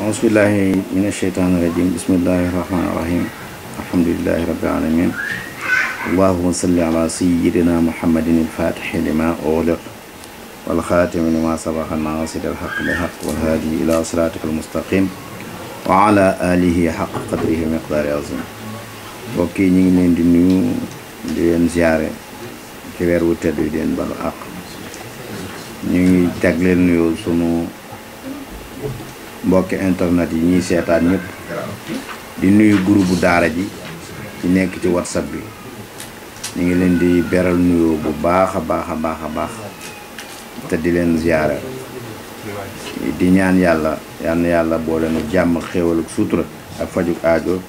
أعوذ بالله من الشيطان الرجيم بسم الله الرحمن الرحيم الحمد لله رب العالمين اللهم صل على سيدنا محمد الفاتح لما أغلق والخاتم لما سبق الناصر الحق لحق والهادي إلى صراطك المستقيم وعلى آله حق قدره مقدار عظيم وكي نين دنيو دين زيارة كبير nuyu di leen ziare ci weer wu mbokki internet yi ñuy seetaan ñëpp di nuyu groupe daara ji ci nekk ci whatsapp bi ñu ngi leen di beral nuyoo bu baax a baax a baax a baax te di leen ziyaara di ñaan yàlla yal yàlla boo leen jàmm xéewal ak sutura ak fajuk aajo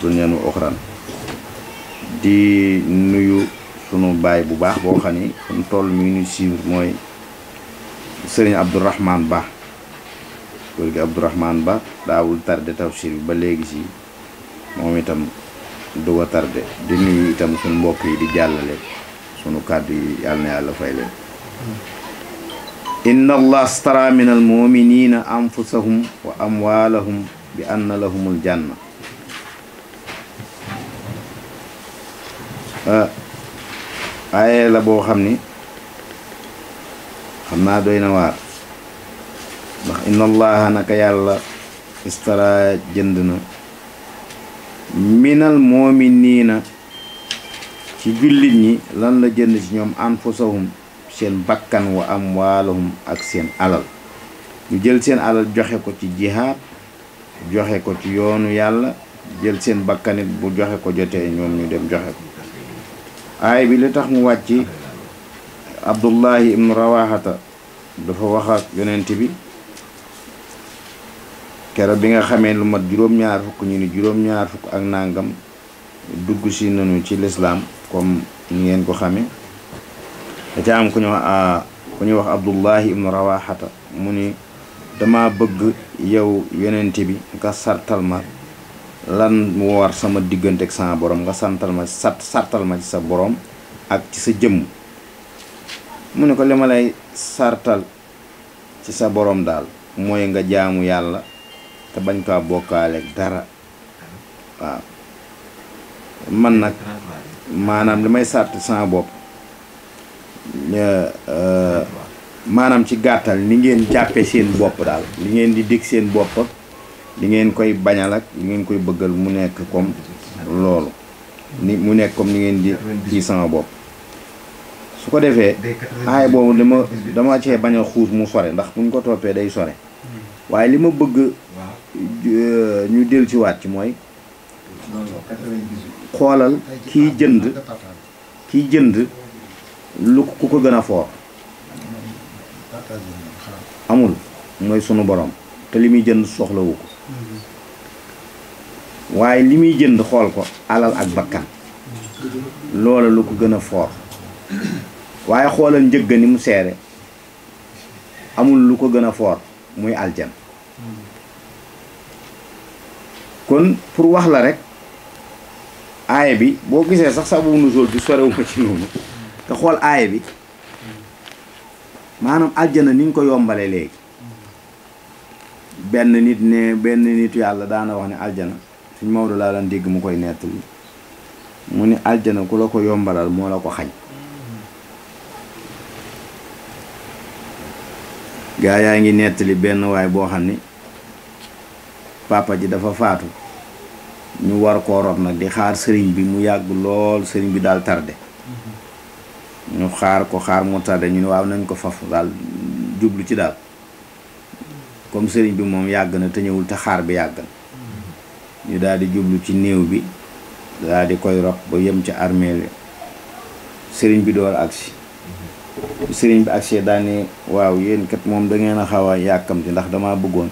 du neenu oxran di nuyu sunu baay bu baax boo xam ni suñu toll mi ngi ñu mooy sëriñ Abdourahmane Ba góor gi Abdourahman Ba daawul tardé tafsir bi ba léegi si moom itam du ko tardé di itam suñu mbokk yi di jàllale sunu kàddu yi yàlla na yàlla fay leen inna allah stara min al muminina anfusahum wa amwalahum bi anna lahumul janna ah, aaye la boo xam ni xam naa doy na ndax inna naka yàlla istara jënd na minal moominiina ci jullit ñi lan la jënd ci ñoom anfusahum seen bakkan wa amwaalahum ak seen alal ñu jël seen alal joxe ko ci jihaad joxe ko ci yoonu yàlla jël seen bakkanit bu joxe ko jotee ñoom ñu dem joxe ko aay bi li tax mu wàcc abdullahi ibnu rawahata dafa wax ak yonent bi kéro bi nga xamé lu mat juroom ñaar fuk ñu ni juroom ñaar fuk ak nangam dugg ci nañu ci l'islam comme ni ngeen ko xamé da ca am ku ñu wax ah, abdullahi ibn rawahata muni dama bëgg yow yonente bi nga sartal ma lan mu war sama diggante ak sama borom nga santal ma sat sartal ma ci sa borom ak ci sa jëm muni ko limalay sartal ci sa borom dal moy nga jaamu yalla te bañ kaa bokkaaleeg dara waaw man nag maanaam li may sàtt sama bopp euh, maanaam ci gàttal ni ngeen jàppe seen bopp daal li ngeen di dig seen bopp li ngeen koy bañal ak li ngeen koy bëggal mu nekk comme loolu ni mu nekk comme ni ngeen di ci sama bopp su ko defee aay boobu ma dama cee bañ a xuus mu sore ndax buñ ko toppee day sore hmm. waaye li ma bëgg ñu dellu ci waat ci mooy xoolal kiy jënd kiy jënd lu ku ko gën a foor amul mooy sunu borom te li muy jënd soxlawu ko waaye li muy jënd xool ko alal ak bakkan loola lu ko gën a foor waaye xoolal njëgga ni mu seere amul lu ko gën a foor muy aljan kon pour wax la rek aaya bi boo gisee sax sax bu nu sol bi sorewuma ci noonu te xool aaya bi maanaam aljana ni ñu ko yombalee léegi benn nit ne benn nitu yàlla daana wax ne aljana suñ Maodo laa daan dégg mu koy nettali mu ni aljana ku la ko yombalal moo la ko xañ gaa yaa ngi nettali benn waay boo xam ne papa ji dafa faatu ñu war ko rob nak di xaar serigne bi mu yag lool serigne bi dal tardé mm-hmm. ñu xaar ko xaar mu tardé ñu waaw nañ ko fafu dal jublu ci dal comme serigne bi mom yag na te ñewul te xaar bi yag na mm-hmm. ñu dal di jublu ci neew bi dal di koy rob ba yem ci bi serigne bi door agsi mm-hmm. serigne bi ak daal ne waaw yeen kat mom da ngeena a yakam ci ndax dama bëggoon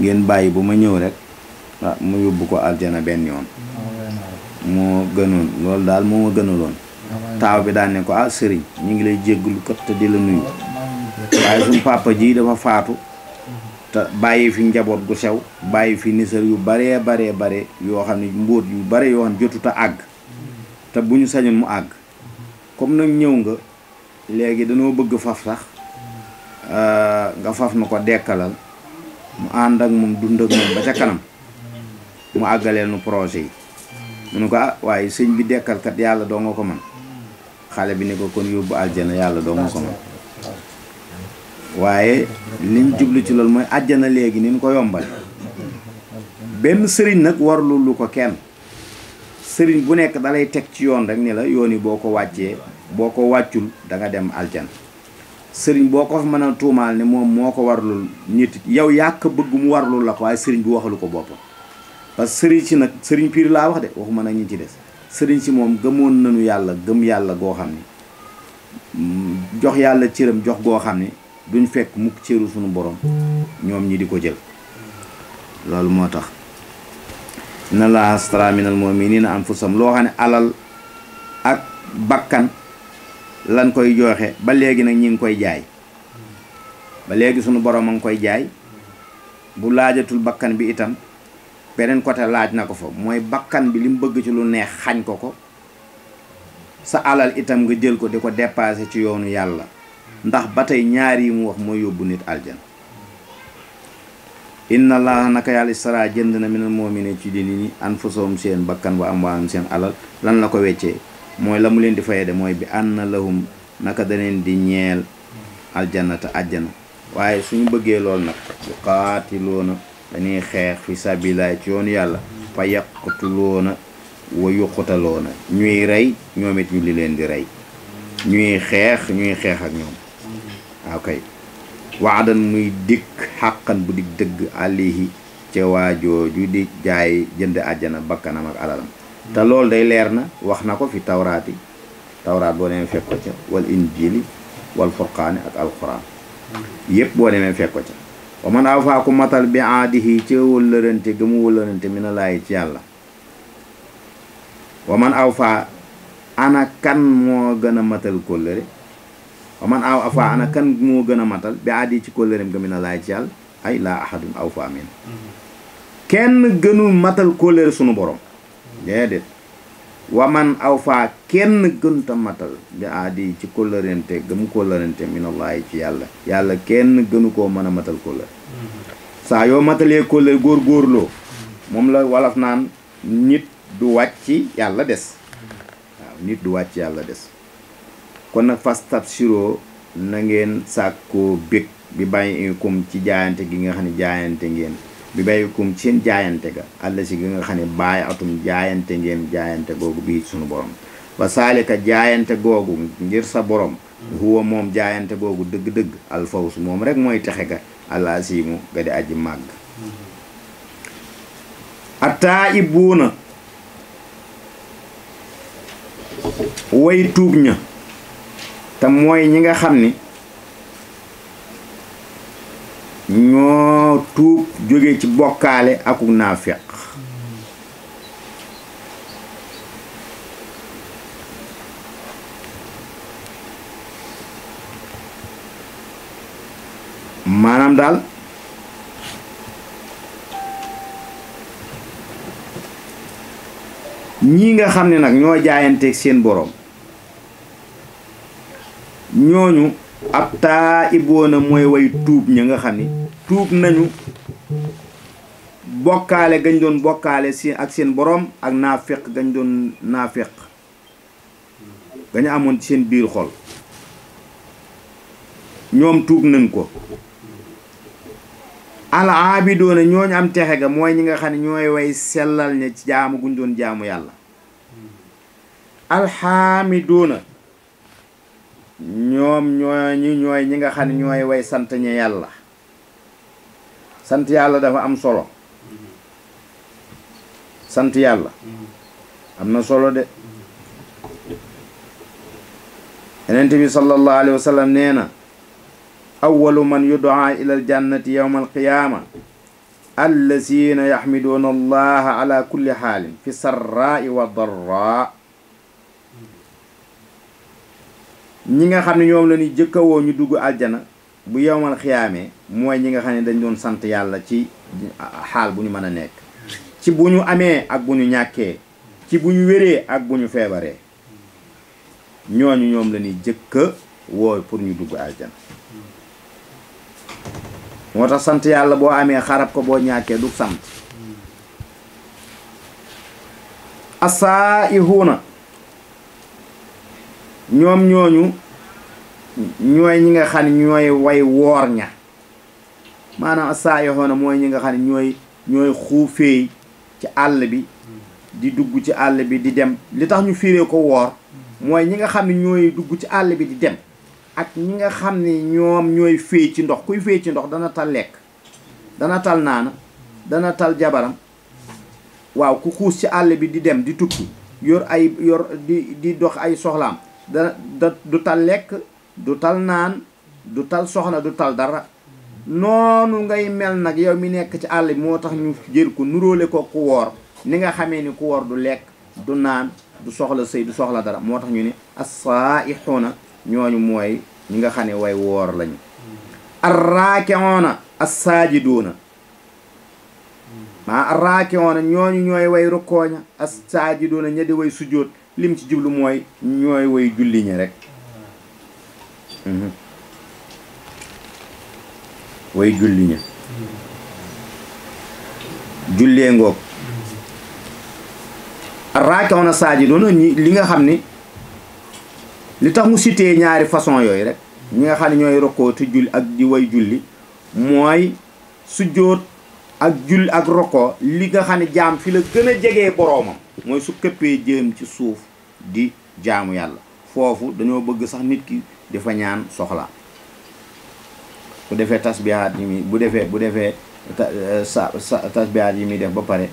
ngeen bàyyi bu ma ñëw rek ah, mu yóbbu ko aljana benn yoon moo gënoon loolu daal moo ma gënaloon taaw bi daan ne ko ah sëriñ ñu ngi lay jégglu kat te di la nuyu waaye suñu papa ji dafa faatu te bàyyi fi njaboot gu sew bàyyi fi nisar yu baree baree bare yoo xam ne mbóot yu bare yoo xam ne jotut a àgg te bu ñu sañoon mu àgg comme nag ñëw nga léegi danoo bëgg faf sax ah, nga faf na ko dekkalal mu ànd ak moom dund ak moom ba ca kanam mu àggaleel nu projet yi mu ne ko ah waaye sëñ bi dekkalkat yàlla doo nga ko man xale bi ne ko kon yóbbu aljana yàlla doo nga ko man waaye liñ jublu ci loolu mooy àjjana léegi ni ñu ko yombal benn sëriñ nag warlu lu ko kenn sëriñ bu nekk dalay teg ci yoon rek ni la yoon yi boo ko wàccee boo ko wàccul danga dem aljana sëriñ boo ko mën a tuumaal ni moom moo ko warlul nit yow yàq bëgg mu warlu la ko waaye sëriñ bi waxalu ko boppam parce que sëriñ si nag sëriñ piir laa wax de waxuma nag ñi ci des sëriñ si moom gëmoon nañu yàlla gëm yàlla goo xam ne jox yàlla cëram jox goo xam ne duñ fekk mukk cëru suñu borom ñoom ñi di ko jël loolu moo tax na la astra minal mu'minina anfusahum loo xam ne alal ak bakkan lan koy jooxe ba léegi nag ñi ngi koy jaay ba léegi sunu borom a ngi koy jaay bu laajatul bakkan bi itam beneen côté laaj na ko fa mooy bakkan bi li bëgg ci lu neex xañ ko ko sa alal itam nga jël ko di ko dépassé ci yoonu yàlla ndax ba tey ñaar yi mu wax mooy yóbbu nit in na allaha naka yàlla istara jënd na moom i mu'minina ci di nit ñi anfusahum seen bakkan wa amwaalahum seen alal lan la ko weccee mooy la mu leen di fayee de mooy bi ànd na lahum naka da di ñeel aljanata àjjana waaye suñu bëggee loolu nag yu qaatiloona dañuy xeex fi sabilaay ci yoon yàlla fa yaqtuloona wa yuqutaloona ñuy rey ñoom it ñu li leen di rey ñuy xeex ñuy xeex ak ñoom waaw kay muy dikk xàqan bu dig dëgg àllihi ca di jaay jënd àjjana bakkanam ak alalam te loolu day leer na wax na ko fi tawraat yi tawraat boo demee fekk ko ca wal injili wal furqaani ak alquran yépp boo demee fekk ko ca wa man awfaa ku matal bi aadihi ci wëllërante ga mu wëllërante mi na laay ci yàlla wa man awfaa ana kan moo gën a matal kóllëre wa man awfaa ana kan moo gën a matal bi aadihi ci kóllëreem ga mi na laay ci yàlla ay laa ahadun awfaa min kenn gënul matal kóllëre sunu borom déedéet man aw faa kenn gënta matal bi aadi ci kóllërente gëm kóllërente minallaahi ci yàlla yàlla kenn gënu koo mën a matal kóllëre mm-hmm. saa yoo matalee kóllëre góor góorloo mm-hmm. moom la walaf naan nit du wàcc yàlla des mm-hmm. waaw nit du wàcc yàlla des kon nag fastabsiroo na ngeen sàkkoo bég bi bàyyi kum ci jaayante gi nga xam ne jaayante ngeen bi bàyyikoom ci jaayante ga àlla si gi nga xam ne bàyyi atum jaayante ngeen jaayante googu bii sunu borom wa saalika jaayante googu ngir sa borom huwa moom jaayante googu dëgg-dëgg alfaws moom rek mooy texe ga àlla siimu ga di aji màgg ataa ibuuna way tuub ña te mooy ñi nga xam ni ñoo tuub jóge ci bokkaale aku naafeq maanaam daal ñi nga xam ni nag ñoo jaayanteeg seen boroom ñooñu ab taa iboona mooy way tuub ñu nga xam ni tuub nañu bokkaale gañ doon bokkaale si ak seen borom ak naafiq gañ doon naafiq gañ amoon ci seen biir xol ñoom tuub nañ ko al aabidoona ñooñu am texe ga mooy ñi nga xam ne ñooy way sellal ne ci jaamu guñ doon jaamu yàlla alxaamidoona ñoom ñooñu ñooy ñi nga xam ne way sant ñe yàlla sant yàlla dafa am solo sant yàlla am na solo de yonent bi sallallahu alayhi wa nee na awwalu man yudaa ila aljannati yawma alqiyaama allazina yaxmiduuna allaha ala kulli xaalin fi sarraai wa darraa ñi nga xam ne ñoom la ñuy jëkkawoo ñu dugg aljana bu yowmal xiyaamee mooy ñi nga xam ne dañ doon sant yàlla ci xaal bu ñu mën a nekk ci bu ñu amee ak bu ñu ñàkkee ci bu ñu wéree ak bu ñu feebaree ñooñu ñoom la ñuy jëkka wooy pour ñu dugg aljana moo tax sant yàlla boo amee xarab ko boo ñàkkee du sant asaa ihuuna ñoom ñooñu ñooy ñi nga xam ne ñooy way woor ña maanaam saa yoxoona mooy ñi nga xam ne ñooy ñooy xuufeey ci àll bi di dugg ci àll bi di dem li tax ñu fiiree ko woor mooy ñi nga xam ne ñooy dugg ci àll bi di dem ak ñi nga xam ni ñoom ñooy féey ci ndox kuy féey ci ndox dana tal lekk dana tal naana dana tal jabaram waaw ku xuus ci àll bi di dem di tukki yor ay yor di di dox ay soxlaam da du tal lekk du tal naan du tal soxna du tal dara noonu ngay mel nag yow mi nekk ci àll bi moo tax ñu jël ko nuróole ko ku woor ni nga xamee ni ku woor du lekk du naan du soxla sëy du soxla dara moo tax ñu ne as-saa'ixuuna ñooñu mooy ñi nga xam ne woy woor lañu arraaki'uuna as doona maa arraaki'uuna ñooñu ñooy way rukkooña as-saajiduuna ña di way sujjóot lim ci jiblu mooy ñooy way julli ñi rek Mhm. way julli ña jullee ngoog raakaw na saaji doona ñi li nga xam ni li tax mu cité ñaari façon yooyu rek ñi nga xam ne ñooy rokkoo te julli ak di way julli mooy sujjóot ak julli ak rokkoo li nga xam ne jaam fi la gën a jege boroomam mooy su këppee jëm ci suuf di jaamu yàlla foofu dañoo bëgg sax nit ki di fa ñaan soxla bu defee tasbihaat yi muy defee bu defee eh, sa tasbihaat yi def ba pare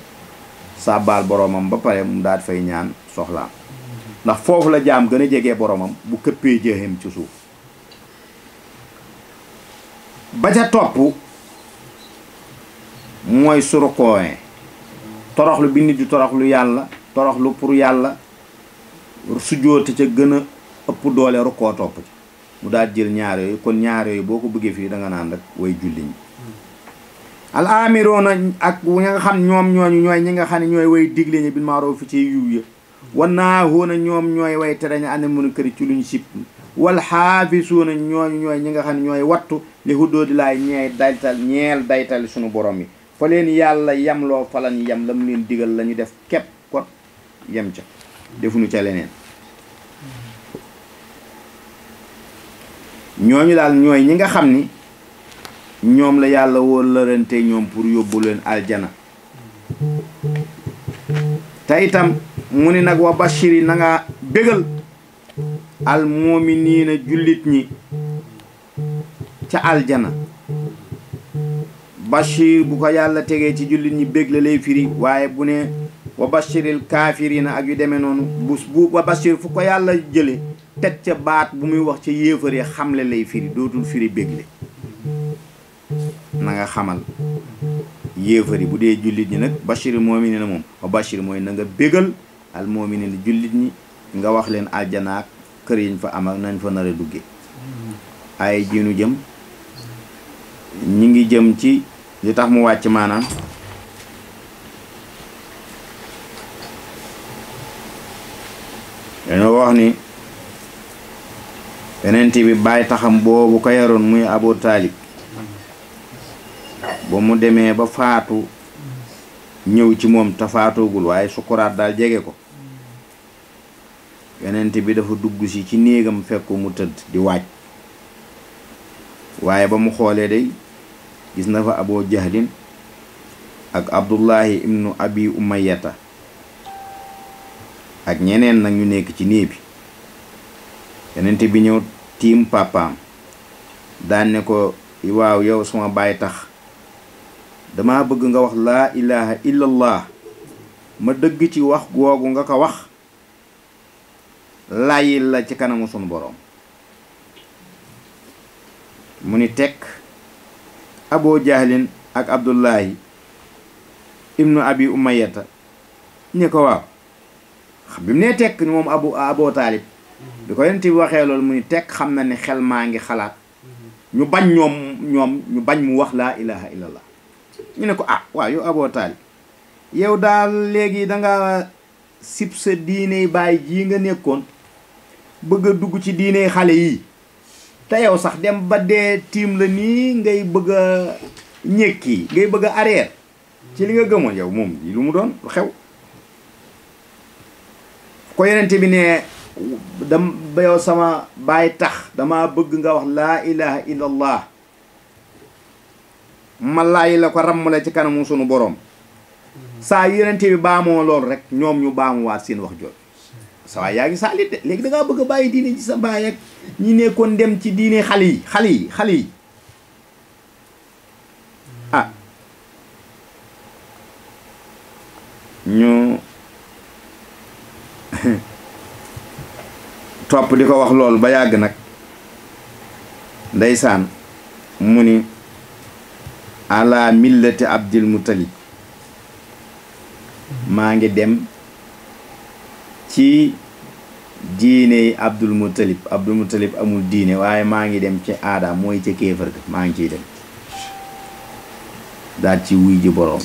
sàbbaal boroomam ba pare mu daal fay ñaan soxlaam ndax foofu la jaam gën a jege boroomam bu këppee jëxem ci suuf ba ca topp mooy surukooye toroxlu bi nit di toroxlu yàlla toroxlu pour yàlla sujjóote ca gën a ëpp doole rukkoo topp ci mu daal jël ñaar yooyu kon ñaar yooyu boo ko bëggee fii danga naan rek way julli ñi al ak ña nga xam ñoom ñooñu ñooy ñi nga xam ne ñooy way digle ñi bil maaroof fi ci yiw ya wan naa hoona ñoom ñooy way tere ña ane mën këri ci luñ sib wal xaafisuuna ñooñu ñooy ñi nga xam ne ñooy wattu li huddoo di laay ñeey daytal ñeel daytal suñu borom yi fa leen yàlla yemloo falan yem la mu leen digal la def képp kot yem ca defuñu ca leneen ñooñu daal ñooy ñi nga xam ni ñoom la yàlla woon wóolërante ñoom pour yóbbu leen aljana te itam mu ni nag wa bashiri na nga bégal al mu'miniina jullit ñi ca aljana bashir bu ko yàlla tegee ci jullit ñi bég la lay firi waaye bu ne wa bashiril kaafiriina ak yu demee noonu bu wa bashir fu ko yàlla jële teg ca baat bu muy wax ca yéefaree xamle lay firi dootul firi bégle na xamal yéefari bu dee jullit ñi nag bashiri moomini na moom wa bashiri mooy nanga nga bégal al moomini na jullit ñi nga wax leen aljanaak kër yiñ fa am ak nañ fa nar dugge ay ji jëm ñu ngi jëm ci li tax mu wàcc maanaam dañoo wax ni yonent bi bàyyi taxam boobu ko yaroon muy abu taalib ba mu demee ba faatu ñëw ci moom te faatoogul waaye sukuraat daal jege ko yonent bi dafa dugg si ci néegam fekk mu tëdd di waaj waaye ba mu xoolee day gis na fa abu jahlin ak abdullahi ibnu abi umayata ak ñeneen nag ñu nekk ci néeg bi yonent bi ñëw tiim papaam daan ne ko waaw yow suma baay tax dama bëgg nga wax laa ilaha illallah ma dëgg ci wax googu nga ko wax layil la ci kanamu sunu boroom mu ni tekk aboo jahlin ak abdullahi ibnu abi umayata ñi ko waaw xam bi mu nee tekk ni moom abu aboo taalib bi ko yonent bi waxee loolu mu ni teg xam na ne xel maa ngi xalaat ñu bañ ñom ñom ñu bañ mu wax la ilaha illallah ñu ne ko ah wa yo abo tal yow legi da danga sip sa diine bay ji nga nekkon bëgg dugg ci diine xalé yi te yow sax dem ba dee tim la ni ngay bëgg ñekki ngay bëgg arrière ci li nga yow mom lu mu doon xew ko te bi ne dam ba yow sama baay tax dama bëgg nga wax laa ilaha illallah ma laayi la ko rammale ci kanamu sunu boroom saa yenente bi baamoo loolu rek ñoom ñu baamuwaat seen wax jooju sa yaa ngi saalit de léegi da bëgg a bàyyi diine ci sa baay ak ñi nekkoon dem ci diine xale yi xale yi xale yi ah ñu topp di ko wax loolu ba yàgg nag ndeysaan mu ni ala millati abdil muttalib maa ngi dem ci diine yi abdul muttalib abdul muttalib amul diine waaye maa ngi dem ci aada mooy ca kéefër ga maa ngi ciy dem daal ci wuy ji boroom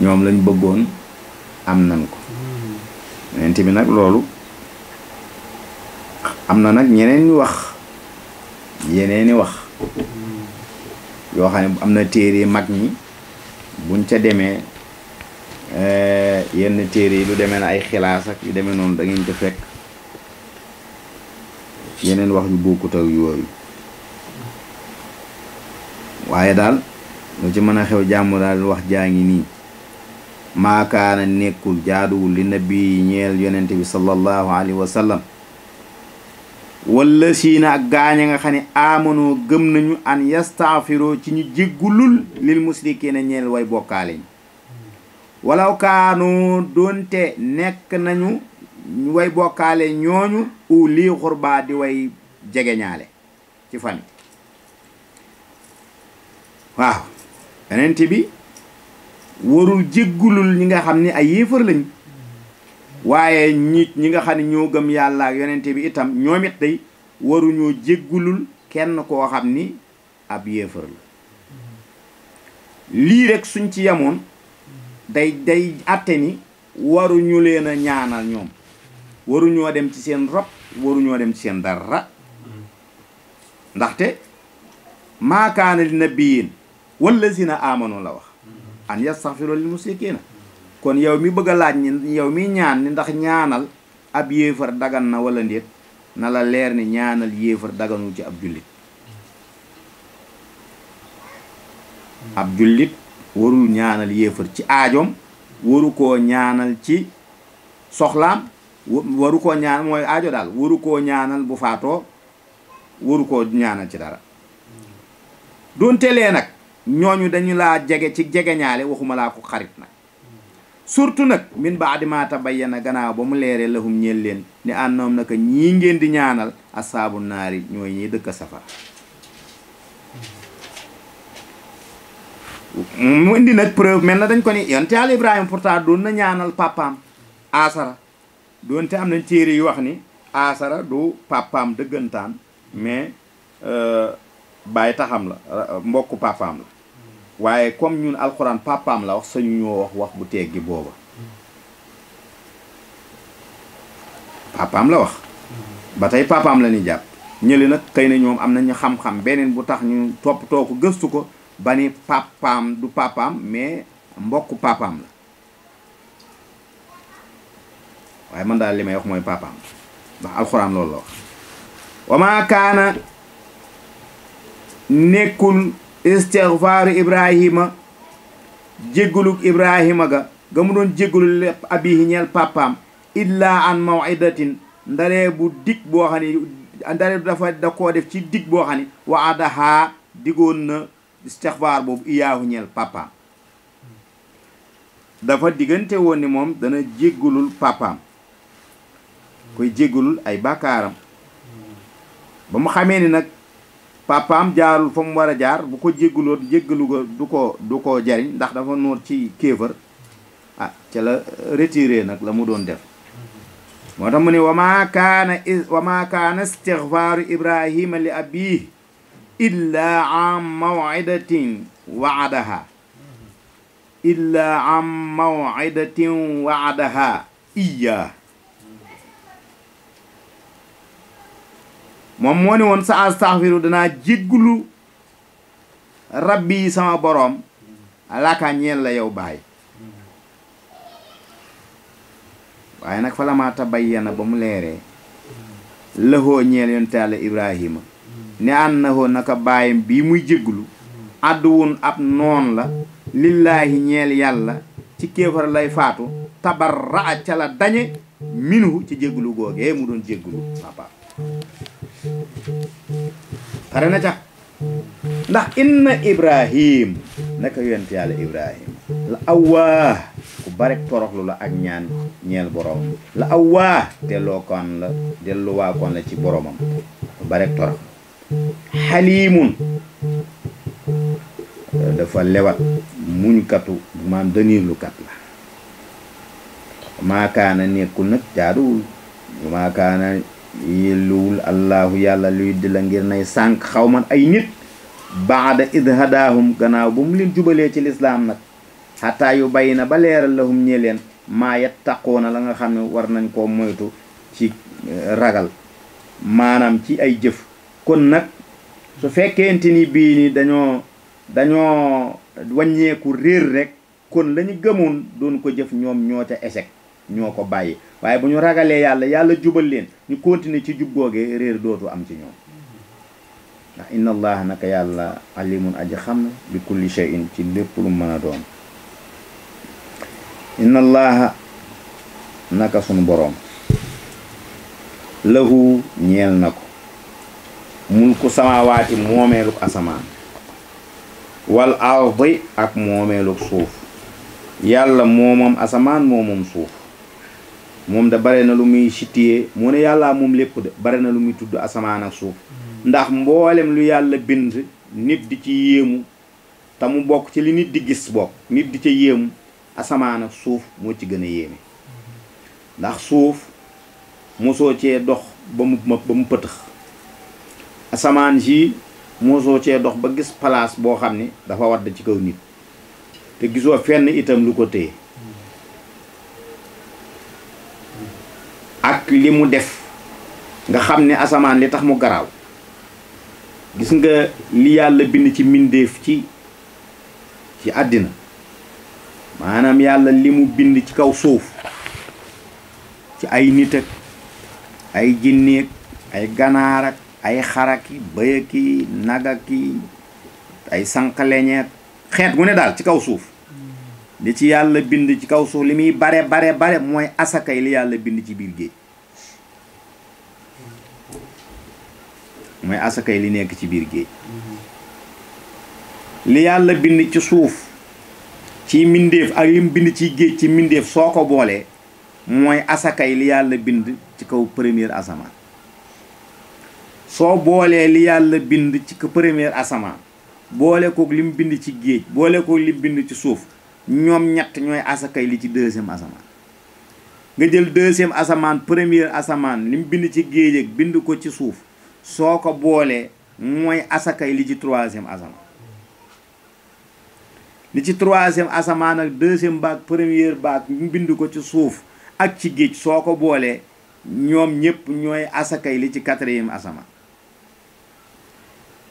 ñoom lañ bëggoon am nan ko nent bi nag loolu am na nag ñeneen ñu wax yeneeni wax yoo xam ne am na téere mag ñi buñ ca demee eh, yenn téere yi lu demee na ay xilaas ak yu demee noonu da ngeen ca fekk yeneen wax yu bokkut ak yooyu waaye daal lu ci mën a xew jàmm daal wax jaa ngi nii maakaana nekkul jaaduwul li nabi ñeel yonente bi sallallahu alayhi wa sallam wala siina ak gaaña nga xam ne amanoo gëm nañu an yastaafiroo ci ñu jéggulul lil musrikiina ñeel way bokkaaleñ walaw kaanoo doonte nekk nañu way bokkaale ñooñu u lii xurbaa di way jegeñaale ci fami waaw yeneen bi warul jéggulul ñi nga xam ne ay yéefar lañ waaye nit ñi nga xam ne ñoo gëm yàlla ak yonente bi itam ñoom it day waruñoo jéggulul kenn koo xam ni ab yéefar la lii rek suñ ci yamoon day day atte ni waruñu leen a ñaanal ñoom waruñoo dem ci seen rob waruñoo dem ci seen dara ndaxte maakaana li nabiyin wallazina amanu la wax an yastaxfiru lil musrikina kon yow mi bëgg a laaj ni mi ñaan ni ndax ñaanal ab yéefar dagan na walla ndéet na la leer ni ñaanal yéefar daganu ci ab jullit ab jullit warul ñaanal yéefar ci aajoom waru ko ñaanal ci soxlaam waru koo ñaan mooy aajo daal waru koo ñaanal bu faatoo waru ko ñaanal ci dara doonte lee nag ñooñu dañu laa jege ci jege ñaale waxuma laa ko xarit nag surtout nag min baadi maa tabayyana gannaaw ba mu leeree lahum ñeel leen ni ànnoom naka ñii ngeen di ñaanal asaabu naari ñooy ñiy dëkk safara mu indi nag preuve mel na dañ ko ni yonte Yàlla Ibrahima pourtant doon na ñaanal papaam asara doonte am nañ téere yu wax ni asara du papaam dëggantaan mais euh, bàyyi taxam la mbokku papaam la waye comme ñun alcorane papam la wax sañu ñoo wax wax bu teggi boba papam la wax batay papam la ni japp ñëli nak xëy na ñoom amna ñu xam-xam benen bu tax ñu toppatoo ko gëstu ko bani papam du papam mais mbokk papam la waye man dal limay wax moy papam ndax alcorane lool la wax wama kana nekul istigfaaru ibrahima jéggalug ibrahima ga ga mu doon jéggalul abihi ñeel papaam illa an mawidatin ndaree bu dig boo xam ne dafa da koo def ci dig boo xam ne wa adahaa digoon na istixfaar boobu iyaahu ñeel papaam dafa diggante woon ni moom dana jéggalul papaam koy jéggalul ay bàkkaaram ba mu xamee ni nag papam jaarul fam wara jaar bu ko jéggaluwoon jéggalu ko du ko du ko jariñ ndax dafa noor ci kéefër ah ca la retiré nag la mu doon def moo tax mu ne wama kaana wamaa kaana istigfaaru ibrahima li abiih illa an mawidatin wacadaha illa an mawidatin wacadaha iyaa moom moo ne woon sa astaxfiru danaa jéggulu rabbi sama boroom alaakaa ñeel la yow baay waaye nag fa la maa tabayyana ba mu leeree lëxoo ñeel yonte yàlla ibrahima ne an naxoo naka baayam bii muy jéggulu àdduwun ab noon la lillaahi ñeel yàlla ci kéefar lay faatu tabarraa ca la dañe minhu ci jéggulu googee mu doon jéggulu papa Karena cak. Nah inna Ibrahim. Nah kayuan tiada Ibrahim. La awah. barek torok lula la nyel borom. La awah. Delo kon la. Delo wa kon la ci boromam. torok. Halimun. Eh, Dafa lewat. Muñ katu. Maam denir lu kat la. Makaana nekkul nag jaaduwul. yelluwul allahu yàlla luy di la ngir nay sànq xawman ay nit baada id hadaahum gannaaw bu mu leen jubalee ci lislaam nag xataa yu bay na ba leeral lahum ñe leen maa yattaquuna la nga xam ne war nañ koo moytu ci eh, ragal maanaam ci ay jëf kon nag su fekkente ni bii ni dañoo dañoo wàññeeku réer rek kon la ñu gëmoon doon ko jëf ñoom ñoote ca ñoo ko bàyyi waaye bu ñu ragalee yàlla yàlla jubal leen ñu continuer ci jub googee réer dootu am ci ñoom ndax naka yàlla alimun aji xam bi kulli shay'in ci lépp lu mën a doon inna allah naka sunu boroom lahu ñeel na ko mulku samaawaati moomeeluk asamaan wal ardi ak moomeeluk suuf yàlla moomam asamaan moomam suuf moom da bare na lu muy sitiyee mu ne yàllaa moom lépp de bare na lu muy tudd asamaan ak suuf ndax mboolem lu yàlla bind nit di ci yéemu te mu bokk ci li nit di gis bokk nit di ca yéemu asamaan ak suuf moo ci gën a yéeme ndax suuf mosoo cee dox ba mu ba mu pëtëx asamaan si mosoo cee dox ba gis palaas boo xam ne dafa wadd ci kaw nit te gisoo fenn itam lu ko téye li mu def nga xam ni asamaan li tax mu garaaw gis nga li yàlla bind ci mbindeef ci ci àddina maanaam yàlla li mu bind ci kaw suuf ci ay nit ay jinneeg ay ganaar ak ay xaraki bëyaki nagaki ay sànqaleñeek xeet mu ne daal ci kaw suuf li ci yàlla bind ci kaw suuf li muy bare bare bare mooy asakay li yàlla bind ci biir géej mooy asakay li nekk ci biir géej mhm. li yàlla bind ci suuf ci mbindeef ak lim bind ci géej ci mbindeef soo ko boolee mooy asakay li yàlla bind ci kaw première asamaan soo boolee li yàlla bind ci kaw première asamaan boole kook mu bind ci géej boole kook lim bind ci suuf ñoom ñett ñooy asakay li ci deuxième asamaan nga jël deuxième asamaan premier asamaan lim bind ci géej ak bind ko ci suuf soo ko boolee mooy asakay li ci troisième asamaan li ci troisième asamaan ak deuxième baag première baag ñu bind ko ci suuf ak ci géej soo ko boolee ñoom ñépp ñooy asakay li ci quatre quatrième asamaan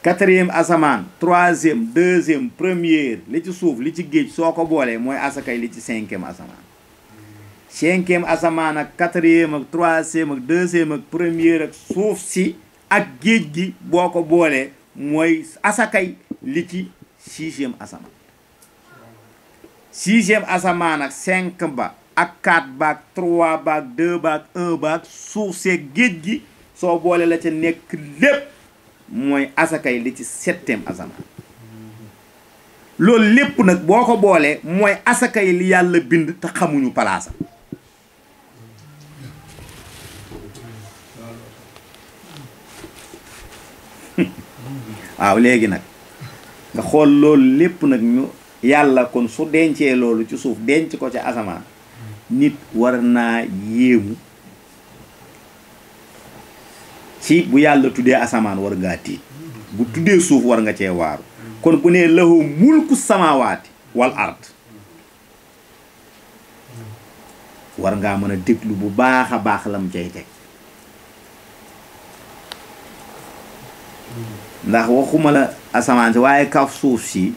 quatrième asamaan troisième deuxième premier li ci suuf li ci géej soo ko boolee mooy asakay li ci cinquième asamaan cinquième asamaan ak quatrième ak troisième ak deuxième ak premier ak suuf si ak géej gi boo ko boolee mooy asakay li ci sixième asamaan sixième asamaan ak cinq ba ak quatre baak trois baak deux baak un baak suuf seeg géej gi soo boole la ca nekk lépp mooy asakay li ci septième asamaan loolu lépp nag boo ko boolee mooy asakay li yàlla bind te xamuñu palaasam waaw léegi nag nga xool loolu lépp nag ñu yàlla kon su dencee loolu ci suuf denc ko ci asamaan nit war naa yéemu ci bu yàlla tuddee asamaan war ngaa tiit bu tuddee suuf war nga cee waaru kon bu nee lahu mulku samaawaati wal ard war ngaa mëna a déglu bu baax a baax lam cay ndax waxuma la asamaan si waaye kaf suuf si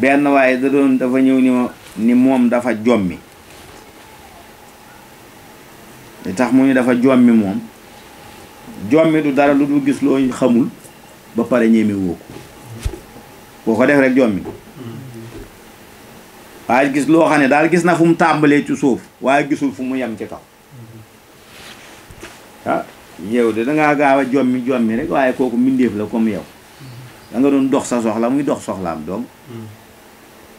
benn waaye da doon dafa ñëw ni ni moom dafa jommi li tax mu ñu dafa jommi moom jommi du dara lu du gis loo xamul ba pare ñeemi woo ko boo ko def rek jommi waaye gis loo xam ne daal gis na fu mu tàmbalee ci suuf waaye gisul fu mu yem ci kaw ah yow de dangaa gaaw a jommi jommi rek waaye kooku mbindéef la comme yow danga doon dox sa soxla muy dox soxlaam doom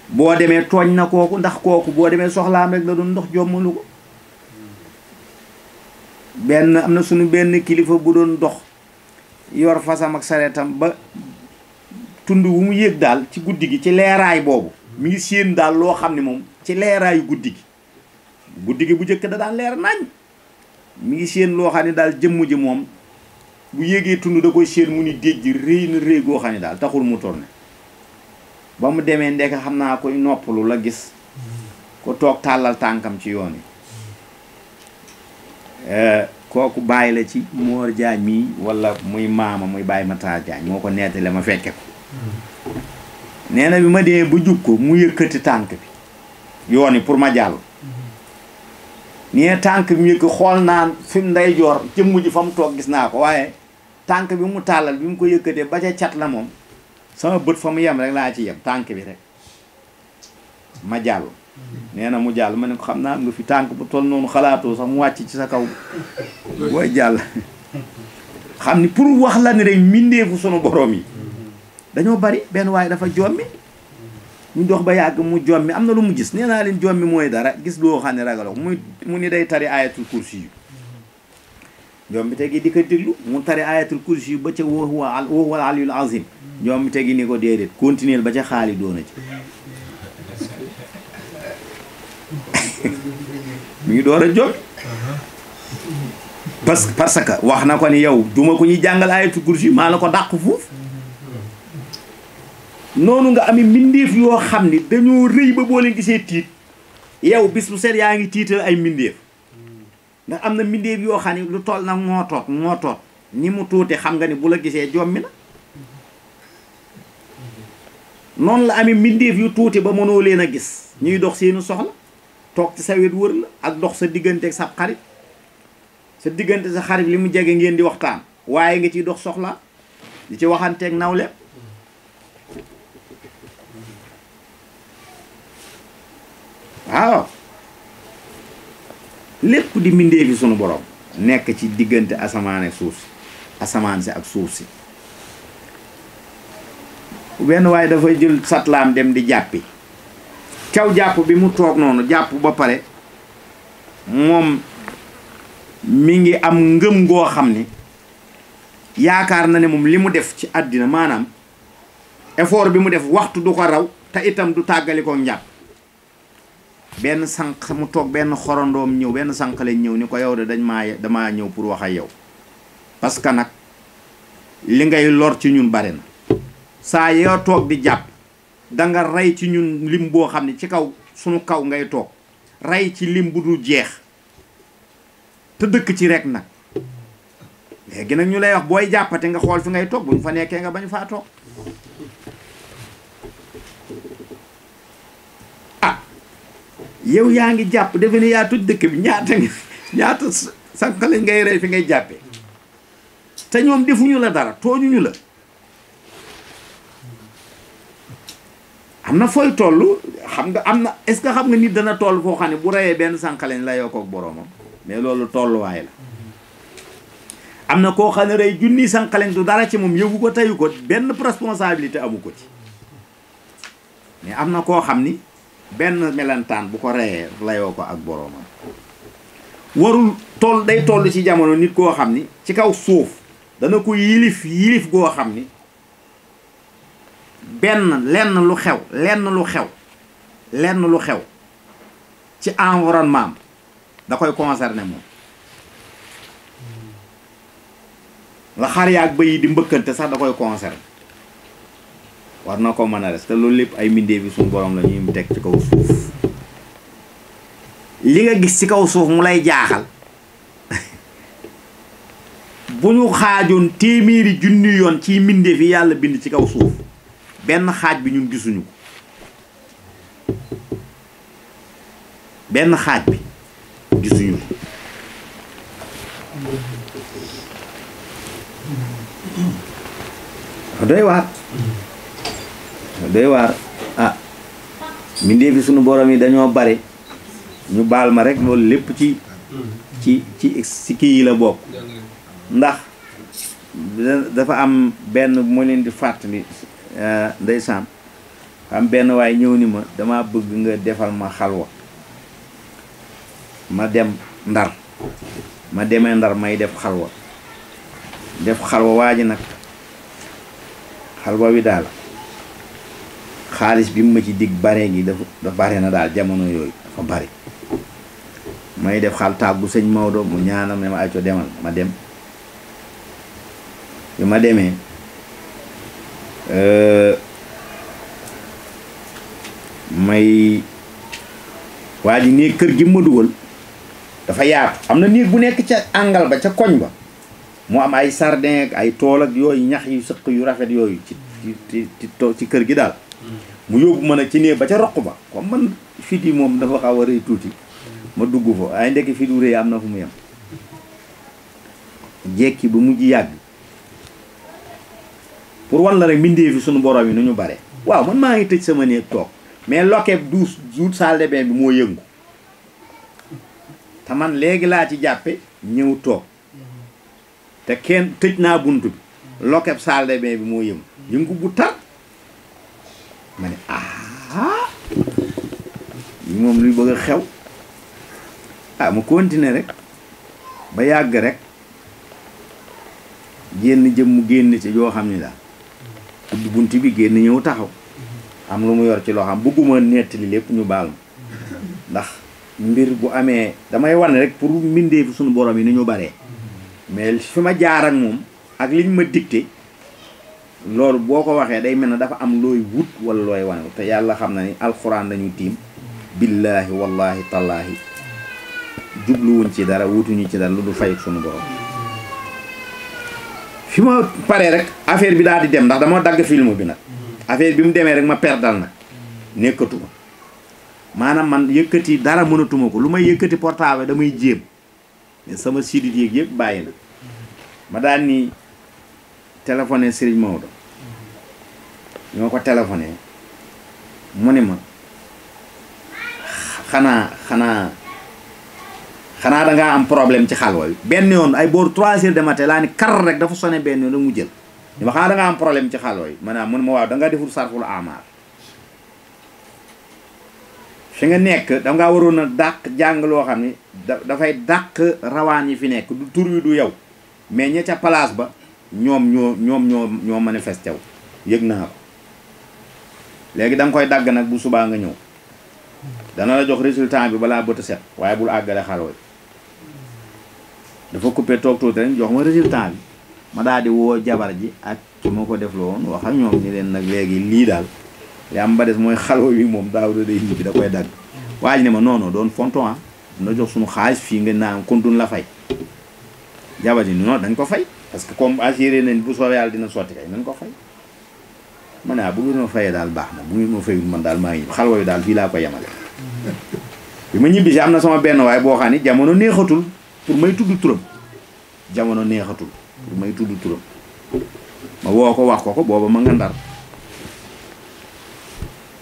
boo demee tooñ na kooku ndax kooku boo demee soxlaam rek la doon ndox jommalu ko benn am na suñu benn kilifa bu doon dox yor fasam ak sareetam ba tund wu mu yéeg daal ci guddi gi ci leeraay boobu mi ngi séen daal loo xam ne moom ci leeraayu guddi gi guddi gi bu njëkk da daan leer nañ mi ngi séen loo xam ne daal jëmm ji moom bu yéegee tund da koy séen mu ni déej réy na réy goo xam ne daal taxul mu tourné ba mu demee ndek xam naa koy noppalu la gis ko toog tàllal tànkam ci yoon wi eh, kooku bàyyi la ci Moor Jaañ mii walla muy maama muy bàyyi ma taa Jaañ moo ko nettali ma fekke ko hmm. nee na bi ma demee bu jub ko mu yëkkati tànk bi yoon wi pour ma jàll nee tànk bi mu ko xool naan fi ndeyjoor nday joor ji fa mu toog gis naa ko waaye tànk bi mu tàllal bi mu ko yëkkatee ba ca cat la moom sama bët fa mu yem rek laa ci yem tànk bi rek ma jàll nee na mu jàll ma ne ko xam naa nga fi tànk bu toll noonu xalaatoo sax mu wàcc ci sa kaw booy jàll xam ni pour wax la ne rek mbindeefu sunu borom yi dañoo bari benn waaye dafa jommi ñu dox ba yàgg mu jommi am na lu mu gis nee naa leen jommi mooy dara gis loo xam ne ragaloo muy mu ni day tari ayatul kursi yu jommi tegi di ko déglu mu tari ayatul kursi yu ba ca wa huwa al aliyul azim ko déedéet continuer ba xaali doona ci mu ngi parce que wax na ko ni yow duma ko ñuy jàngal ayatul kursi yu maa la ko dàq fuuf noonu nga amee mbindeef yoo xam ni dañoo rëy ba boo leen gisee tiit yow bis bu seet yaa ngi tiital ay mbindeef ndax am na mbindeef yoo xam ne lu toll na moo toog moo toog xam nga ni bu la gisee jommi noonu la amee mbindeef yu tuuti ba mënoo leen a gis ñuy dox seenu soxla toog ci sa wër la ak dox sa diggante ak sa xarit sa diggante sa xarit li mu jege ngeen di waxtaan waaye nga ciy dox soxla di ci waxanteeg nawle waaw lépp di mbindee sunu borom nekk ci diggante asamaane suuf si asamaan si ak suuf si benn waaye dafa jël satlaam dem di jàppi caw jàpp bi mu toog noonu jàpp ba pare moom mi ngi am ngëm goo xam ni yaakaar na ne moom li mu def ci àddina maanaam effort bi mu def waxtu du ko raw te itam du tàggali ko njàpp benn sànq mu toog benn xorandoom ñëw benn sànq lañ ñëw ni ko yow de dañ maa damaa ñëw pour wax a yow parce que nag li ngay lor ci ñun bari na saa yoo toog di jàpp danga nga rey ci ñun lim boo xam ne ci kaw suñu kaw ngay toog rey ci lim bu du jeex te dëkk ci rek nag léegi nag ñu lay wax booy jàppate nga xool fi ngay toog bu ñu fa nekkee nga bañ faa toog yow yaa ngi jàpp defe ne yaa tuj dëkk bi ñaata ñaata sànq lañ ngay rey fi ngay jàppe te ñoom defuñu la dara tooñuñu la am na fooy toll xam nga am na est-ce que xam nga nit dana toll foo xam ne bu reyee benn sànqaleñ la yokkoo ak boroomam mais loolu tolluwaay la am na koo xam ne rey junni sànqaleñ du dara ci moom yëgu ko teyu ko benn responsabilité amu ko ci mais am na koo xam ni benn melentaan bu ko reyee layoo ko ak boroomam warul toll day toll ci jamono nit koo xam ni ci kaw suuf dana ko yilif yilif goo xam ni benn lenn lu xew lenn lu xew lenn lu xew ci environnement da koy concerné moom la xar yaag bëy yi di mbëkkante sax da koy concerné war na ko mën a res te loolu lépp ay mbindee bi suñu borom la ñuy teg ci kaw suuf li nga gis ci kaw suuf mu lay jaaxal bu ñu xaajoon téeméeri junni yoon ci mbindee fi yàlla bind ci kaw suuf benn xaaj bi ñun gisuñu ko benn xaaj bi gisuñu ko doy waat doy waar ah mbindeef yi sunu borom yi dañoo bare ñu baal ma rekk loolu lépp ci ci ci ci kii yi la bokk ndax dafa am benn bu ma leen di fàttali eh, ndeysaan am benn waaye ñëw ni ma dama bëgg nga defal ma xalwa ma dem ndar ma demee ndar may def xalwa def xalwa waa ji nag xalwa wi daal xaalis bi ma ci dig bare gi da bare na dal jamono yoy dafa bare may def xal tàggu sëñ mawdo mu ñaanam ne ma ayco demal ma dem yu ma euh may waji ne néeg kër gi ma dugal dafa yaatu am na néeg bu nekk ci angal ba ci koñ ba mu am ay sardin ak ay tool ak yoy ñax yu sekk yu rafet yoy ci ci ci kër gi dal mu yóbbu mën nag ci néeg ba ca roq ba comme man fit yi moom dafa xaw a rëy tuuti ma dugg fa ay ndekki fit wu rëy am na fu mu yem jekki ba mujj yàgg pour wan la rek mbindee fi suñu borom yi nu ñu bare waaw man maa ngi tëj sama néeg toog mais lokeeb douze jours salle de bain bi moo yëngu te man léegi laa ci jàppe ñëw toog te kenn tëj naa bunt bi lokeeb salle de bain bi moo yëngu yëngu bu tar ma ne ah moom luy bëgg a xew ah mu continuer rek ba yàgg rek génn jëm mu génn si yoo xam ni daal tudd bunt bi génn ñëw taxaw am lu mu yor ci loo xam bëgguma nettali lépp ñu baal ma ndax mbir bu amee damay wane rek pour mbindee fi suñu borom yi ni ñu baree mais fi ma jaar ak moom ak liñ ma dicté loolu boo ko waxee day mel ne dafa am looy wut wala looy wane te yàlla xam na ni alxuraan lañu tiim billaahi wallaahi tallaahi jubluwuñ ci dara wutuñu ci dara lu du fay suñu fi ma paree rek affaire bi daal di dem ndax dama dagg film bi nag affaire bi mu demee rek ma perdal na nekkatuma maanaam man yëkkati dara mënatuma ko lu may yëkkati portable damay jéem sama sidit yéeg yëpp bàyyi na ma daan ni téléphoné Serigne Maodo ñoo ko téléphoné mu ni ma xanaa xanaa xanaa dangaa am problème ci xalwa bi benn yoon ay boor trois heures de matin laa ni kar rek dafa sonné benn yoon da mu jël ñu ma xanaa dangaa am problème ci xalwa bi maanaam ah, mu ne ma waaw dangaa deful sarful amaar fi nga nekk da ngaa waroon a dàq jàng loo xam ne dafay dàq rawaan yi fi nekk du tur wi du yow mais ña ca palaas ba ñoom ñoo ñoom ñoo ñoo manifesté yëg naa ko léegi da koy dagg nag bu subaa nga ñëw dana la jox résultant bi balaa bët set waaye bul àggale xaroo dafa coupé toog tuuti rek jox ma résultat bi ma daal di woo jabar ji ak ki ma ko def wax ak ñoom ni leen nag léegi lii daal li am ba des mooy xaroo yi moom daaw da day ñibbi da koy dagg waaj ne ma non doon fonton ah na jox suñu xaalis fii nga naa kon duñ la fay jabar ji non dañ ko fay parce que comme assuré nañ bu soobee yàlla dina sotti kay nañ ko fay ma ne ah, bu ngeen ma fayee daal baax na bu ngeen ma fayul man daal maa ngi xalwa yu daal fii laa ko yemale bi ma ñibbisi am na sama benn waaye boo xam ne jamono neexatul pour may tudd turam jamono neexatul pour may tudd turam ma woo ko wax ko ko booba ma nga ndar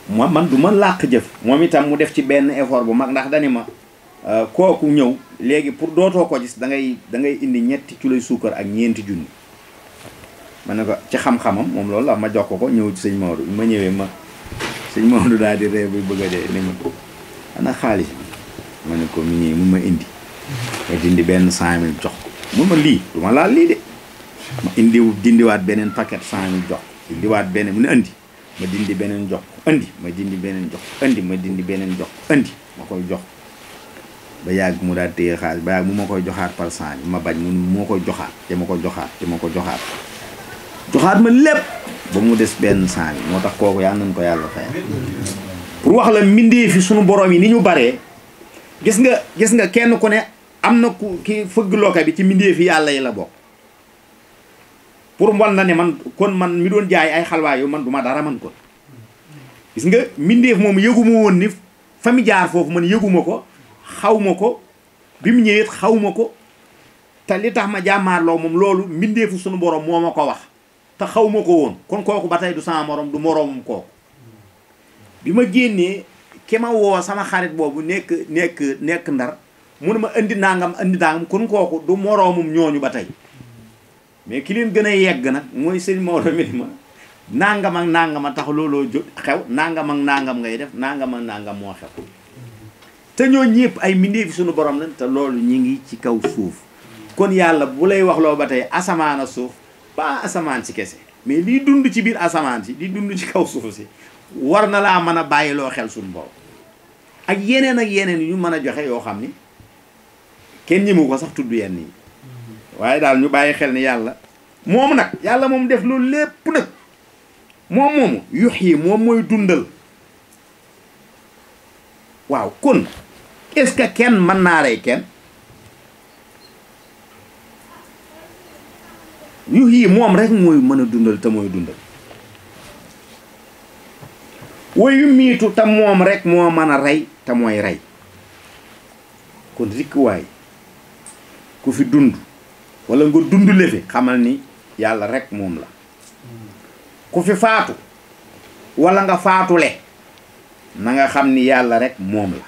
ma man du ma làq jëf moom itam mu def ci benn effort bu mag ndax dani ma euh, kooku ñëw léegi pour dootoo ko gis da ngay da ngay indi ñetti ci suukar ak ñeenti junni ma ne ko ci xam-xamam moom loolu la ma jox ko ko ñëw ci sëñ ma ñëwee ma sëñ Maodo daal di ree buy bëgg a ni ma ana xaalis ma ne ko mi ngi indi nga benn cent jox ko ma ma laal lii de ma dindiwaat beneen paquet cent mille jox ko dindiwaat beneen mu ne indi ma dindi beneen jox ko indi ma dindi beneen jox indi ma dindi beneen jox ko indi ma koy jox ba yàgg mu daal téye xaalis ba yàgg mu ma koy joxaat par cent bi ma bañ mu moo koy joxaat te ma ko joxaat te ma ko joxaat joxaat ma lépp ba mu des benn saa moo tax kooku yaa nañ ko yàlla fayal pour wax la mbindee fi sunu borom yi ni ñu baree gis nga gis nga kenn ku ne am na ku ki fëgg loka bi ci mbindee fi yàlla yi la bokk pour wan na ne man kon man mi doon jaay ay xalwaay yu man duma dara man kon gis nga mbindeef moom yëguma woon ni fa mi jaar foofu man yëguma ko xaw ma ko bi mu ñëwee xaw ma ko te li tax ma jàmmaarloo moom loolu mbindeefu sunu borom moo ma ko wax te xaw ma ko woon kon kooku ba tey du sama morom du moroomum kooku bi ma génnee ki ma woo sama xarit boobu nekk nekk nekk ndar mu ma indi nangam indi nangam kon kooku du moroomum ñooñu ba tey mais ki leen gën a yegg nag mooy seen Maodo mi ma nangam ak nangam a tax looloo jot xew nangam ak nangam ngay def nangam ak nangam moo xew te ñoo ñëpp ay mbindeef suñu borom la te loolu ñi ngi ci kaw suuf kon yàlla bu lay wax loo ba tey asamaana suuf pas asamaan si kese mais liy dund ci biir asamaan si di dund ci kaw suuf si war na laa mën a bàyyiloo xel suñu bopp ak yeneen ak yeneen yu ñu mën a joxe yoo xam ni kenn ñi ko sax tudd yenn yi waaye daal ñu bàyyi xel ni yàlla moom nag yàlla moom def loolu lépp nag moom moomu yux yi moom mooy dundal waaw kon est-ce que kenn mën naa rey kenn yu yii moom rek mooy mën a dundal te mooy dundal wayu miitu te moom rekk moo mën a rey te mooy rey kon rikkuwaay ku fi dund wala nga dund le xamal ni yàlla rekk moom la ku fi faatu wala nga faatule na nga xam ni yàlla rek moom la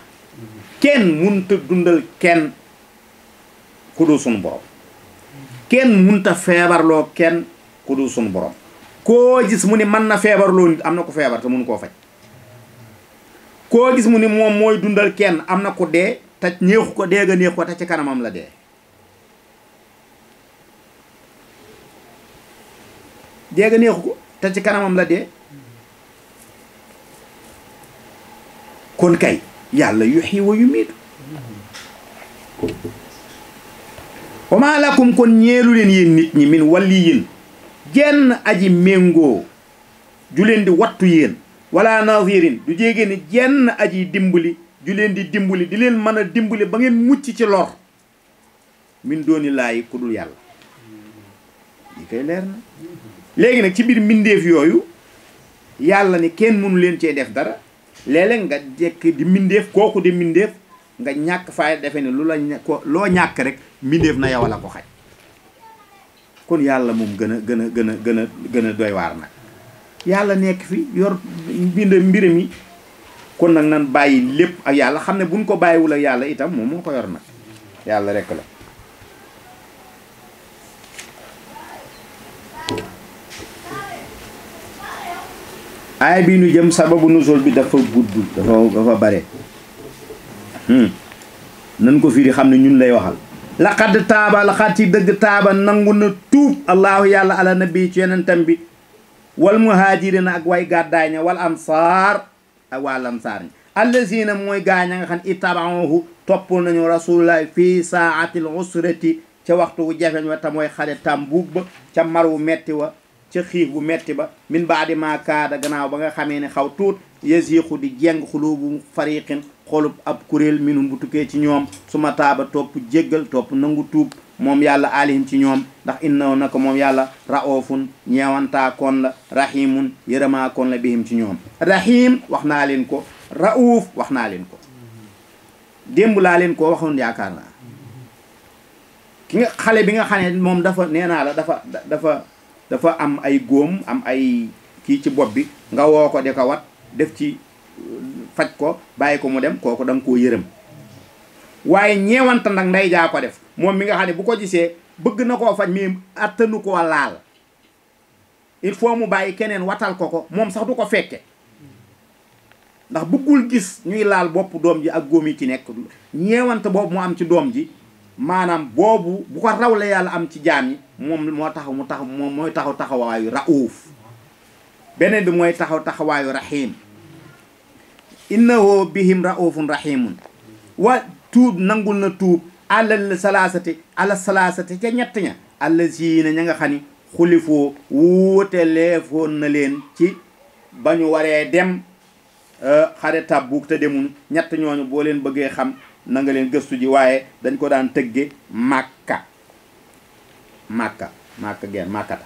kenn mënta dundal kenn ku dul sunu borom kenn munta feebarloo kenn ku dul sunu borom koo gis mu ni mën na feebarloo nit am na ko feebar te koo faj koo gis mu ni moom mooy dundal kenn am na ko dee ko dee nga néexu te ci kanamam la dee dee nga ko te ci kanamam la dee kon kay yàlla yu xii yu miitu fama lakum kon ñeelu leen yéen nit ñi min waliyin jenn aji méngoo ju leen di wattu yéen wala nazirin du jéegée ni jenn aji dimbali ju leen di dimbali di leen mën a dimbali ba ngeen mucc ci lor min dooni laay ku dul yàlla léegi nag ci biir mbindeef yooyu yàlla ni kenn mënu leen cee def dara léeg nga jekk di mbindeef kooku di mbindeef nga ñàkk fay defe ne lu la loo ñàkk rek mbindeef na yow la ko xaj kon yàlla moom gën a gën a gën a gën a gën a doy waar nag yàlla nekk fi yor mbind mbiram yi kon nag nan bàyyi lépp ak yàlla xam ne buñ ko bàyyiwul ak yàlla itam moom moo ko yor nag yàlla rekk la aay bii nu jëm sababu nuzul bi dafa gudd dafa dafa bare Hmm. nan ko firi xam ne ñun lay waxal laqad taaba laqad ci dëgg taaba nangu na tuub allahu yàlla ala nabi ci yonentam bi wal muhaajirina ak way gàddaay ña wal ansaar ak waa lansaar ña allazina mooy gaaña nga xam itabaahu topp nañu rasulullah fii saatil usrati ca waxtu wu jafeñ wa te mooy xare Tambuuk ba ca mar wu metti wa ca xiif gu metti ba min baadi ma kaada gannaaw ba nga xamee ne xaw tuut yasiixu di jeng xuluubu fariqin xolub ab kuréel minum bu ci ñoom suma taaba topp jéggal topp nangu tuub moom yàlla alihim ci ñoom ndax na naka moom yàlla raofun ñeewantaa koon la rahimun yërëmaa koon la bihim ci ñoom rahim wax naa leen ko raouf wax naa leen ko démb laa leen ko waxoon yaakaar naa ki nga xale bi nga xam ne moom dafa nee naa la dafa dafa dafa am ay góom am ay kii ci bopp bi nga woo ko de ko wat def ci faj ko bàyyi ko mu dem kooku da koo yërëm waaye ñeewante nag nday jaa ko def moom mi nga xam ne bu ko gisee bëgg na koo faj mais attanu koo laal il faut mu bàyyi keneen watal ko ko moom sax du ko fekke ndax bëggul gis ñuy laal bopp doom ji ak góom yi ci nekk ñeewante boobu mu am ci doom ji maanaam boobu bu ko raw la yàlla am ci jaam yi moom moo taxaw mu taxaw moom mooy taxaw taxawaayu ra'uuf beneen bi mooy taxaw taxawaayu raxiim innahu bihim raufun rahimun wa tuub nangul na tuub alal salaasati ala salaasati ca ñett ña alla siina ña nga xam ni xulifoo wuuteleefoon na leen ci ba ñu waree dem euh, xare Tabuk te demuñ ñett ñooñu boo leen bëggee xam nanga leen gëstu ji waaye dañ ko daan tëgge màkka màkka màkka geen màkkata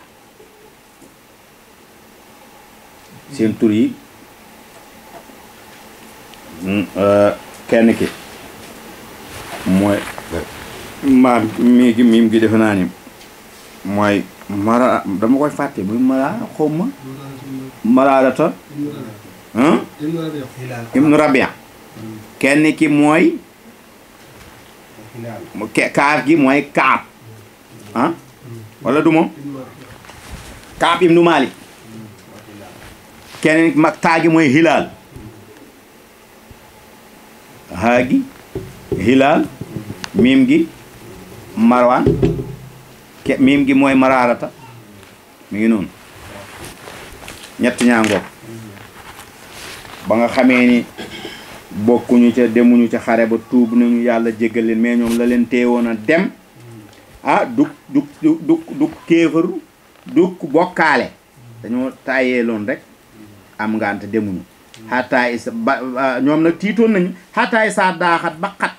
seen tur yi Mm, euh, kenn ki mooy maam mii gi miim gi defe naa ni mooy mara dama koy fàtte muy mara xaw ma maraarata ibnu rabia kenn ki mooy kaaf gi mooy kaab ah wala du moom kaab ibnu maalik kenn gi mooy hilaal haa gi hilaal miim gi marwaan miim gi mooy maraarata mu ngi noonu ñett ñaangoog ba nga xamee ni bokkuñu ca demuñu ca xare ba tuub nañu yàlla jéggal leen mais ñoom la leen teewoon a dem ah du du du bokkaale dañoo tàyyee loon rek am ngante demuñu xataa sa ba ñoom nag tiitoon nañu xataa isa daaxat ba xat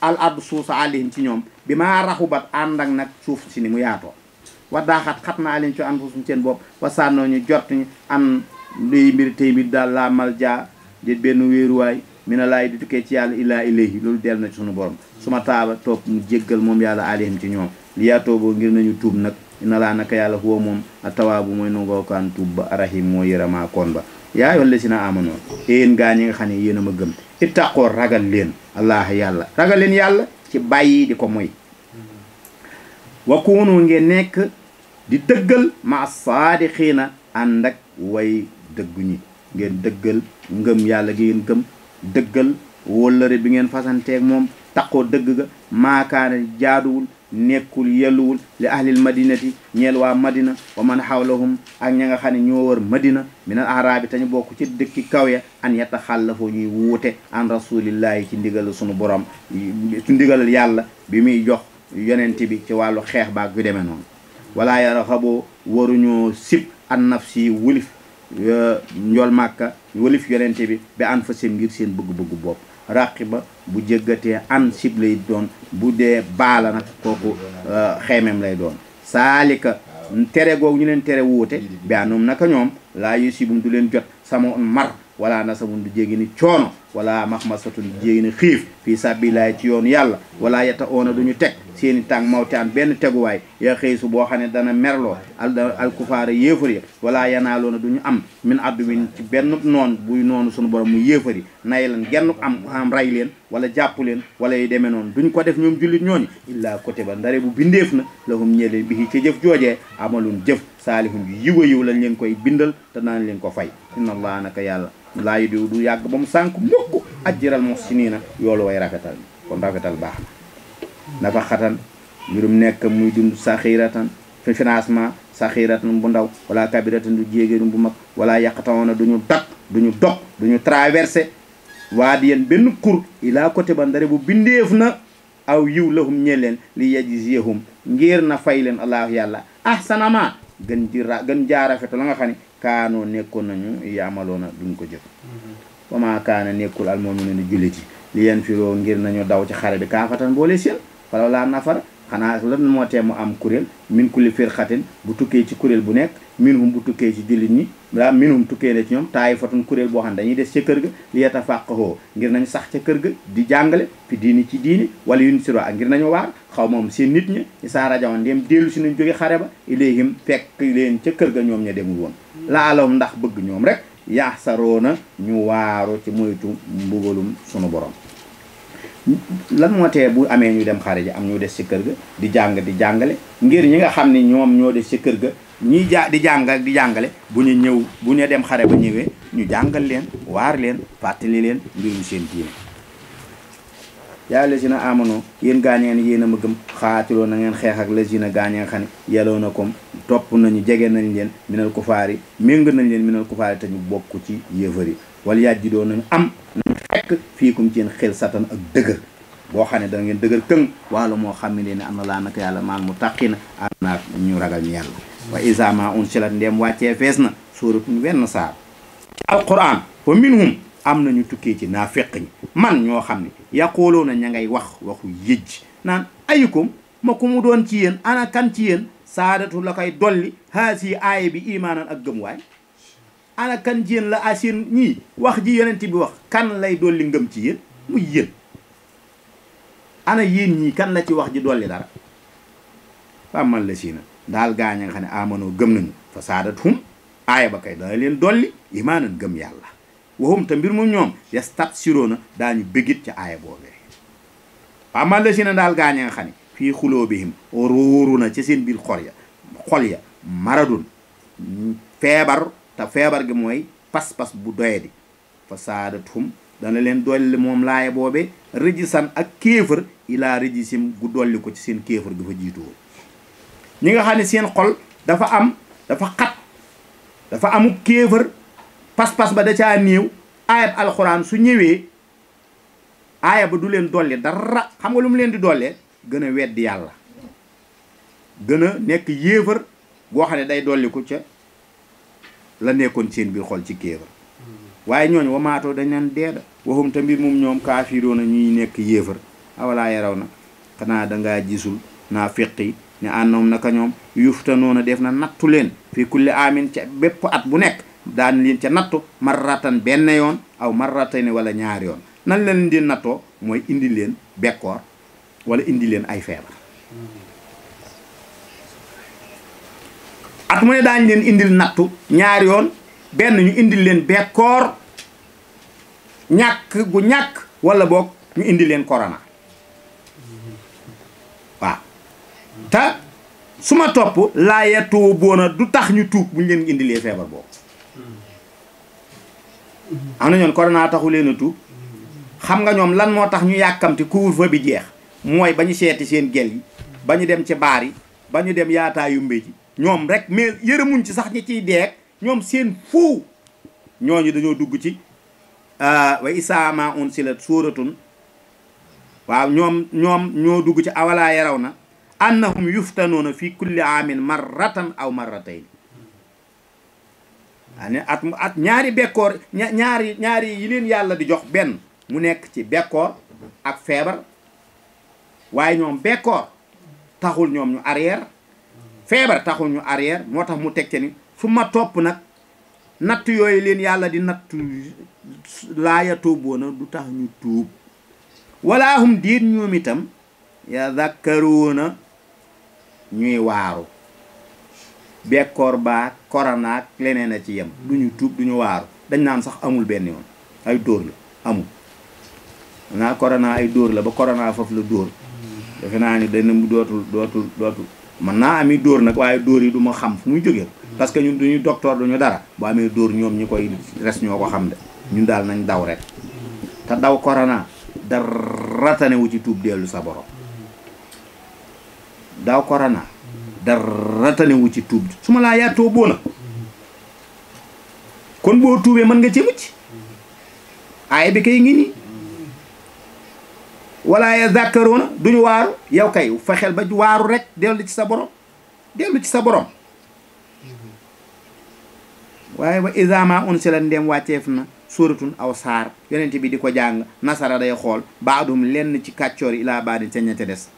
al ardu suuf sa alihim ci ñoom bi maa raxu ànd ak nag suuf si ni mu yaatoo wa daaxat xat na alihim ci anfusum seen bopp wa sànnoo ñu jort ñu am luy mbir tey mbir daal laa malja di benn wéeruwaay mu na laay di tukkee ci yàlla illaa ilayhi loolu del na ci sunu borom su ma taaba toog mu jéggal moom yàlla alihim ci ñoom li yaatoo boo ngir nañu tuub nag ina laa naka yàlla huwa moom a tawaabu mooy nangookaan tuub ba arahim moo yërëmaa koon yaa ayyuhal lazina amanu yéen gaa ñi nga xam ne yéen a ma gëm ittaqoo ragal leen allah yàlla ragal leen yàlla ci bàyyi di ko moy wakuunu ngeen nekk di dëggal ma saadiqiina ànd ak way dëggu ñi ngeen dëggal ngëm yàlla gi ngeen gëm dëggal wóllëre bi ngeen fasanteeg moom taqoo dëgg ga maakaane jaaduwul nekkul yelluwul li ahlil madinati ñeel waa madina wa man hawlahum ak ña nga xam ne ñoo wër madina minal araabi tañu bokk ci dëkki kaw ya an yataxallafoo ñuy wuute an rasulillahi ci ndigal suñu borom ci ndigalal yàlla bi muy jox yonent bi ci wàllu xeex baak yu demee noonu wala yarxaboo waruñoo sib an nafsi wulif euh, njool màkka wulif yonent bi bi an fa seen ngir seen bëgg-bëggu bopp raqiba bu jëggatee an sib lay doon bu dee baala nag kooku euh, xeemeem lay doon saalika tere googu ñu leen tere wuute bi anum naka ñoom laa yu sibum du leen jot sama mar wala nasabun du jéggi ni coono wala maxmasatun du jéggi ni xiif fii sàbbilaay ci yoon yàlla wala yata oona ñu teg seeni tànk mawti an benn teguwaay ya xëy boo xam ne dana merloo al alkufaara yéefar ya wala yanaaloona du ñu am min adduwin ci benn noon buy noonu sunu borom mu yéefar yi nay leen genn am am ray leen wala jàpp leen wala yu demee noonu ñu ko def ñoom jullit ñooñu illaa côté ba ndare bu bindeef na lahum ñeleen bi ci jëf joojee amalun jëf saalihum yu yiw a lañ leen koy bindal te naan leen ko fay inna allah naka yàlla laa yu du yàgg ba mu sànk mukk ajjiral mos si nii na yoolu way rafetal kon rafetal baax na nafa xatan mbirum nekk muy dund saxiiratan fi financement saxiiratan bu ndaw wala kabiratan du jéegéerum bu mag wala yàqatawoona duñu ñu duñu du ñu traversé waa di yéen benn kur ilaa côté ba ndare bu bindeef na aw yiw lahum ñe leen li yajziyahum ngir na fay leen allah yàlla ahsanama gën ji ra gën jaarafetu la nga xam kaanoo nekkoon nañu yaamaloona duñ ko jëf mm-hmm. wama kaana nekkul al mu'minuuna jullit yi li yen firoo ngir nañu daw ci xare bi kaafatan boole seen falaw laa nafar xanaa lan moo tee am kuréel min kulli firqatin bu tukkee ci kuréel bu nekk minhum bu tukkee ci jullit ñi daa minhum tukkee na ci ñoom taayi fatun kuréel boo xam ne dañuy des ca kër ga li yatafaqahu ngir nañ sax ca kër ga di jàngale fi diini ci diini wala yun siro ak ngir nañu waar xaw moom seen nit ñi saa rajawoon dem dellu si nañ jóge xare ba ilayhim fekk leen ca kër ga ñoom ña demul woon laalom ndax bëgg ñoom rek yaasaroona ñu waaru ci moytu mbugalum sunu borom lan moo tee bu amee ñu dem xare ji am ñu des ci kër ga di jàng di jàngale ngir ñi nga xam ni ñoom ñoo des ci kër ga ñiy ja di jàng di jàngale bu ñu ñëw bu ñu dem xare ba ñëwee ñu jàngal leen waar leen fàttali leen mbirum seen diine yaa lazina amano yéen gaañeen yéen a ma gëm xaatiloo na ngeen xeex ak la gaañee nga xam ne yelloo na kom topp nañu jege nañ leen minal kufaar yi méng nañ leen minal kufaar yi te ñu bokk ci yëfër yi wala yàjji doon nañu am fekk fii kum ci yéen xel satan ak dëgër boo xam ne dana ngeen dëgër këng wala moo xam ne ne am na laa naka yàlla maal mu taqi na am naa ñu ragal ñu yàlla wa isa ma unsilat ndeem wàccee fees na sóoratun wenn saar ci alquran nañu tukkee ci naa feq man ñoo xam ne yàqooloo na ña ngay wax waxu yëjj naan ayukum ma mu doon ci yéen kan ci yéen saadatu la koy dolli haas yi aaya bi imaanan ak gëm waay ana kan jéen la aseen ñii wax ji yonent bi wax kan lay dolli ngëm ci yéen muy yéen ana yéen ñii kan la ci wax ji dolli dara fàmmal la si na daal gaañ nga xam gëm nañu fa saadat hum aaya ba kay dana leen dolli imaanan gëm yàlla waxum te mbir mu ñoom na daañu bégit ca aaya boobee fàmmal la si na daal gaañ nga xam ne fii xulóobihim ruuru na ca seen biir xol ya xol ya maradun feebar te feebar gi mooy pas-pas bu doyadi fa saadathum dana leen dolli moom laaya boobe rëjisan ak kéefër ilaa rëjisim gu dolli ko ci seen kéefër gi fa jiituwoon ñi nga xam ne seen xol dafa am dafa xat dafa amub kéefër pas-pas ba da caa néew aayab alxuraan su ñëwee aaya ba du leen dolli dara xam nga lu mu leen di dollee gën a weddi yàlla gën a nekk yéefër goo xam ne day dolli ko ca la nekkoon seen biir xol ci kéefar waaye ñooñ wamaatoo dañ leen deeda waxum te mbir moom ñoom kaafiroona ñuy nekk yéefar awalaa yaraw na xanaa danga gisul naa feqi ne ànnoom naka ñoom yuftanoona def na nattu leen fii kulli amin ca bépp at bu nekk daan leen ca nattu marratan benn yoon aw marratayni wala ñaari yoon nan leen di nattoo mooy indi leen bekkoor wala indi leen ay feebar at mu ne daañ leen indil nattu ñaari yoon benn ñu indil leen bekkoor ñàkk gu ñàkk wala boog ñu indil leen korona waaw te su ma topp laayetoo boona du tax ñu tuub bu ñu leen indilee feebar boobu am na ñoon korona taxu leen a tuub xam nga ñoom lan moo tax ñu yàkkamti couvre-feu bi jeex mooy ba ñu seeti seen gel yi ba ñu dem ci baar yi ba ñu dem yaataa yu ñoom rek mais yërëmuñ ci sax ñi ciy deeg ñoom seen fuu ñooñu dañoo dugg ci euh, wa isaama unsilat suuratun ñoom ñoom ñoo dugg ci awalaa yaraw na annahum yuftanuuna fi kulli aamin marratan aw marratayn ane at mu at ñaari bekkoor ñaari ñaari yi leen yàlla di jox benn mu nekk ci bekkoor ak feebar waaye ñoom bekkoor taxul ñoom ñu arrière feebar taxul ñu arrière moo tax mu tekke ni fu ma topp nag natt yooyu leen yàlla di nattu laaya tuuboona du tax ñu tuub wala hum diit ñoom itam ya zakkaruuna ñuy waaru bekkoor baa korona ak leneen a ci yem du ñu tuub du ñu waaru dañ naan sax amul benn yoon ay dóor la amul naa korona ay dóor la ba korona foofu la dóor defe naa ni dootul dootul dootul man naa ami dóor nag waaye dóor yi du ma xam fu muy jógee parce que ñun duñuy docteur duñu dara bu amee dóor ñoom ñi koy res ñoo ko xam de ñun daal nañ daw rek te daw korona dara ci tuub dellu sa borom daw korona dara ci tuub su ma laa yaatoo boo na kon boo tuubee mën nga ci mucc aaya bi kay ngi nii wala yazakkaruuna duñu waaru yow kay fexeel ba waaru rek dellu ci sa borom dellu ci sa borom waaye ba isama unsila ndem wàcceef na sóoratun aw saar yonent bi di ko jàng nasara day xool baadum lenn ci kàccoor yi ilaa baadin ca ñette des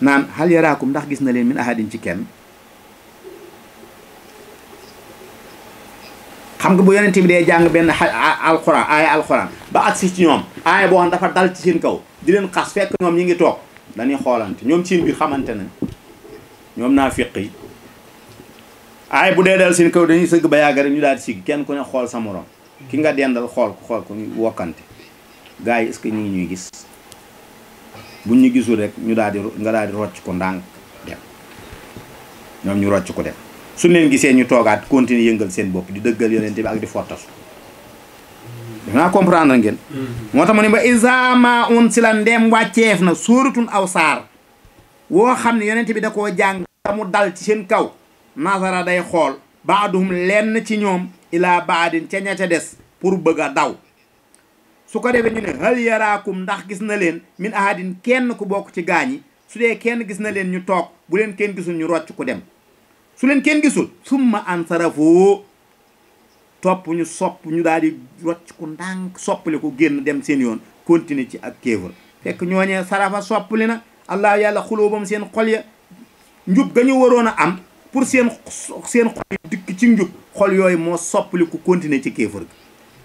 naan xal yaraakum ndax gis na leen min ahadin ci kenn xam nga bu yonent bi dee jàng benn alxuraan aaya alxuraan ba at ci ñoom aaya boo xam dafa dal ci seen kaw di leen xas fekk ñoom ñu ngi toog dañuy xoolante ñoom seen bi xamante nañ ñoom naa fiq yi aaya bu dee dal seen kaw dañuy sëgg ba yàgg rek ñu daal di sigg kenn ko ne xool sa morom ki nga dendal xool xool ko ñu wokkante gaa yi est-ce que ñu ngi ñuy gis buñ ñu gisul rek ñu daal di nga di rocc ko ndànk dem ñoom ñu rocc ko dem suñ leen gisee ñu toogaat continuer yëngal seen bopp di dëggal yonente bi ak di fottasu danaa comprendre ngeen mm-hmm. moo tax ma ne ba isama un si la ndeem wàcceef na sóoratun aw saar woo xam ne yonente bi da koo jàng mu dal ci seen kaw nasara day xool baaduhum lenn ci ñoom ilaa baadin ca ña ca des pour bëgg a daw su ko defee ñu ne hal yaraakum ndax gis na leen min ahadin kenn ku bokk ci gaañi su dee kenn gis na leen ñu toog bu leen kenn gisul ñu rocc ku dem su leen kenn gisul summa ansarafoo topp ñu sopp ñu daal di rocc ku ndànk soppali ko génn dem seen yoon continuer ci ak kéefër fekk ñooñee sarafa soppali na allah yàlla xulóobam seen xol ya njub ga ñu waroon a am pour seen seen xol dikk ci njub xol yooyu moo soppali ku continuer ci kéefër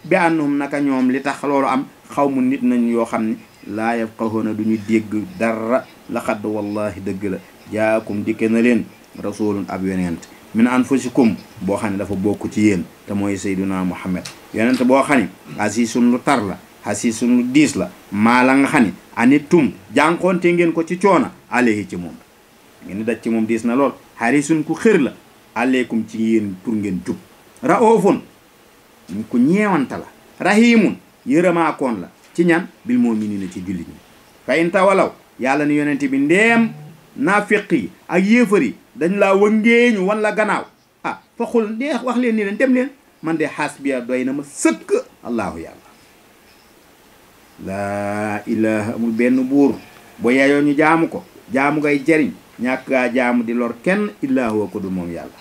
bi ànnum naka ñoom li tax loolu am xaw mu nit nañ yoo xam ne laa yafqahuuna du ñu dégg dara laxadd wallahi dëgg la jaakum dikke na leen rasulun ab yonent min anfusikum boo xam ne dafa bokk ci yéen te mooy sayduna muhammad yonent boo xam ne lu tar la asisun lu diis la maa xani nga xam ngeen ko ci coona alayhi ci moom ngeen daj ci moom diis na lool harisun ku xër la aleykum ci yéen pour ngeen jub raofun ñu ko ñeewante la rahimun yërëmaakoon la ci ñan bil muminina ci jullit ñi fa in tawalaw yàlla ni yonente bi ndeem naafiq ak yéefar dañ laa wëngeeñu wan la gannaaw ah faxul neex wax leen ni leen dem leen man de xaas doy na ma sëkk allahu yàlla laa ilaha amul benn buur boo yaayoo ñu jaamu ko jaamu ngay jariñ ñàkk gaa jaamu di lor kenn illaa huwa ko du moom yàlla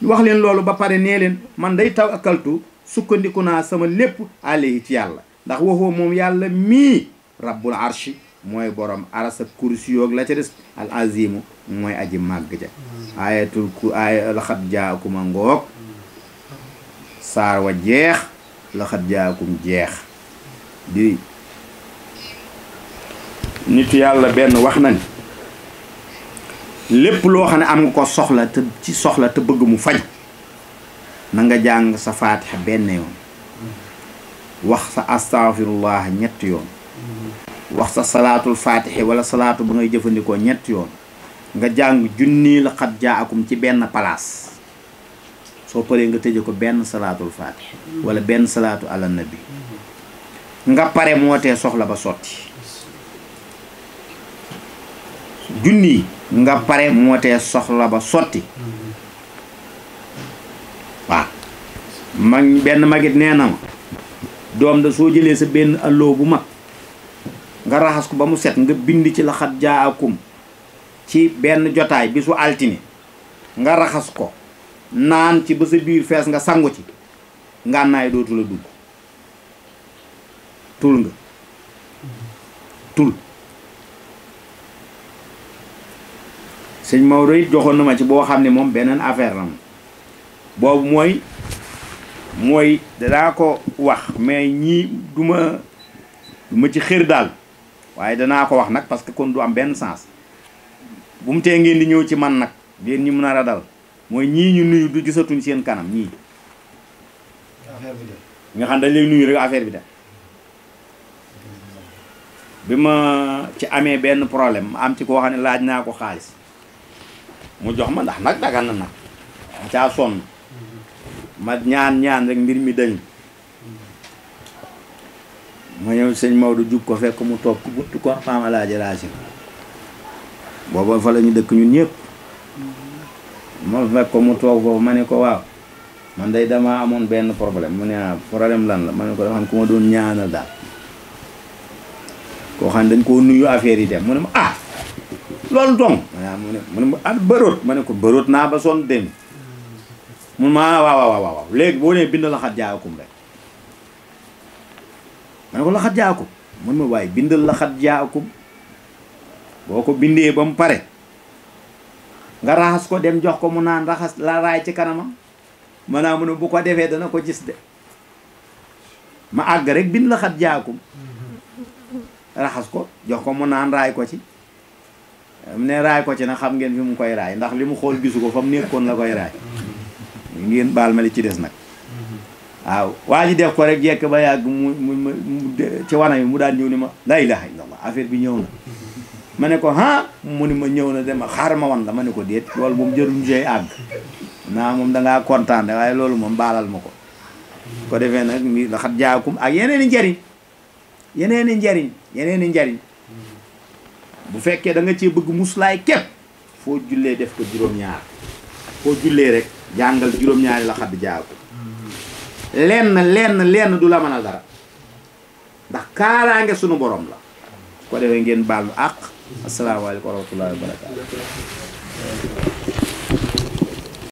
ñu wax leen loolu ba pare nee leen man day taw akaltu sukkandiku naa sama lépp alayhi ci yàlla ndax waxoo moom yàlla mii rabbul arshi mooy boroom aras ak la ca des al azimu mooy aji màgg ja mm. ayatul ku ay laxat jaakuma ngoog saar wa jeex laxat jaakum jeex di nit yàlla benn wax nañ lépp loo xam ne am nga ko soxla te ci soxla te bëgg mu faj na nga jàng sa faatixa benn yoon mm. wax sa astaghfirullah ñetti yoon wax sa salaatul faatixi wala salaatu ba ngay jëfandikoo ñett yoon nga jàng junni la xat jaa akum ci benn palaas soo paree nga tëje ko benn salaatul faatixi wala benn salaatu ala nabi nga pare moo tee soxla ba sotti junni nga pare moo tee soxla ba sotti waaw mag benn magit nee na ma doom da soo jëlee sa benn alloo bu mag nga raxas ko ba mu set nga bind ci laxat jaakum ci benn jotaay bisu altini nga raxas ko naan ci ba sa biir fees nga sangu ci ngànnaay dootu la dugg tul nga tul señ Maodo it joxon na ma ci bo xamne mom benen affaire la moy moy mooy danaa ko wax mais ñi duma duma ci xir dal waye dana ko wax nak parce que kon du am ben sens bu mu tee ngeen di ñëw ci man nak yéen ñu mëna nar dal ñu nuyu du gisatuñ seen kanam ñi nga xam dañ lay nuyu rek affaire bi da bima ci amé ben problème am ci ko xam ne laaj na ko xaalis mu jox ma ndax nak dagan na ci a son ma ñaan ñaan rek mbir mi dañ ma ñëw sëñ mawdu jub ko fekk mu toog ci buntu ko maam alaaji Racine booba fa la ñu dëkk ñun ñëpp ma fekk ko mu toog foofu ma ne ko waaw man day dama amoon benn problème mu ne ah, problème lan la ma ne ko dafa ku ma doon ñaanal daal koo xam dañ koo nuyu affaire yi dem mu ne ma ah loolu dong ah, mu ne mu ne ma ah bëroot ma ne ko bëroot naa ba sonn dem mun ma ah, waaw waaw waaw léegi boo nee bind la xat jaayakum rek ma ne ko laxat jaakum mun ma waaye bindal laxat jaakum boo ko bindee ba mu pare nga raxas ko dem jox ko mu naan raxas la raay ci kanamam manaa ah, mu ne bu ko defee dana ko gis de ma àgg rek bind laxat jaakum raxas ko jox ko mu naan raay ko ci mu ne raay ko ci na xam ngeen fi mu koy raay ndax li mu xool gisu ko fa mu nekkoon la koy raay ngeen baal ma li ci des nag waaw ah, waa ji def ko rek jekk ba yàgg mu mu ci wanam yi mu daan ñëw ni ma la ilaha illallah affaire bi ñëw na ma ne ko ah mu ni ma ñëw na dem dama xaar ma wan la ma ne ko déet loolu moom jëruñ joy àgg naa moom dangaa kontaan de waaye loolu moom baalal ma ko ko defee nag mi laxat jaakum ak yeneen i njariñ yeneen i njariñ yeneen i njariñ bu fekkee da nga bëgg muslaay képp foo jullee def ko juróom-ñaar foo rek jàngal juróom-ñaari laxat jaakum lenn lenn lenn du la mënal dara ndax kaaraange sunu borom la su ko defee ngeen mu àq asalaamaaleykum wa rahmatullahi wa barakatu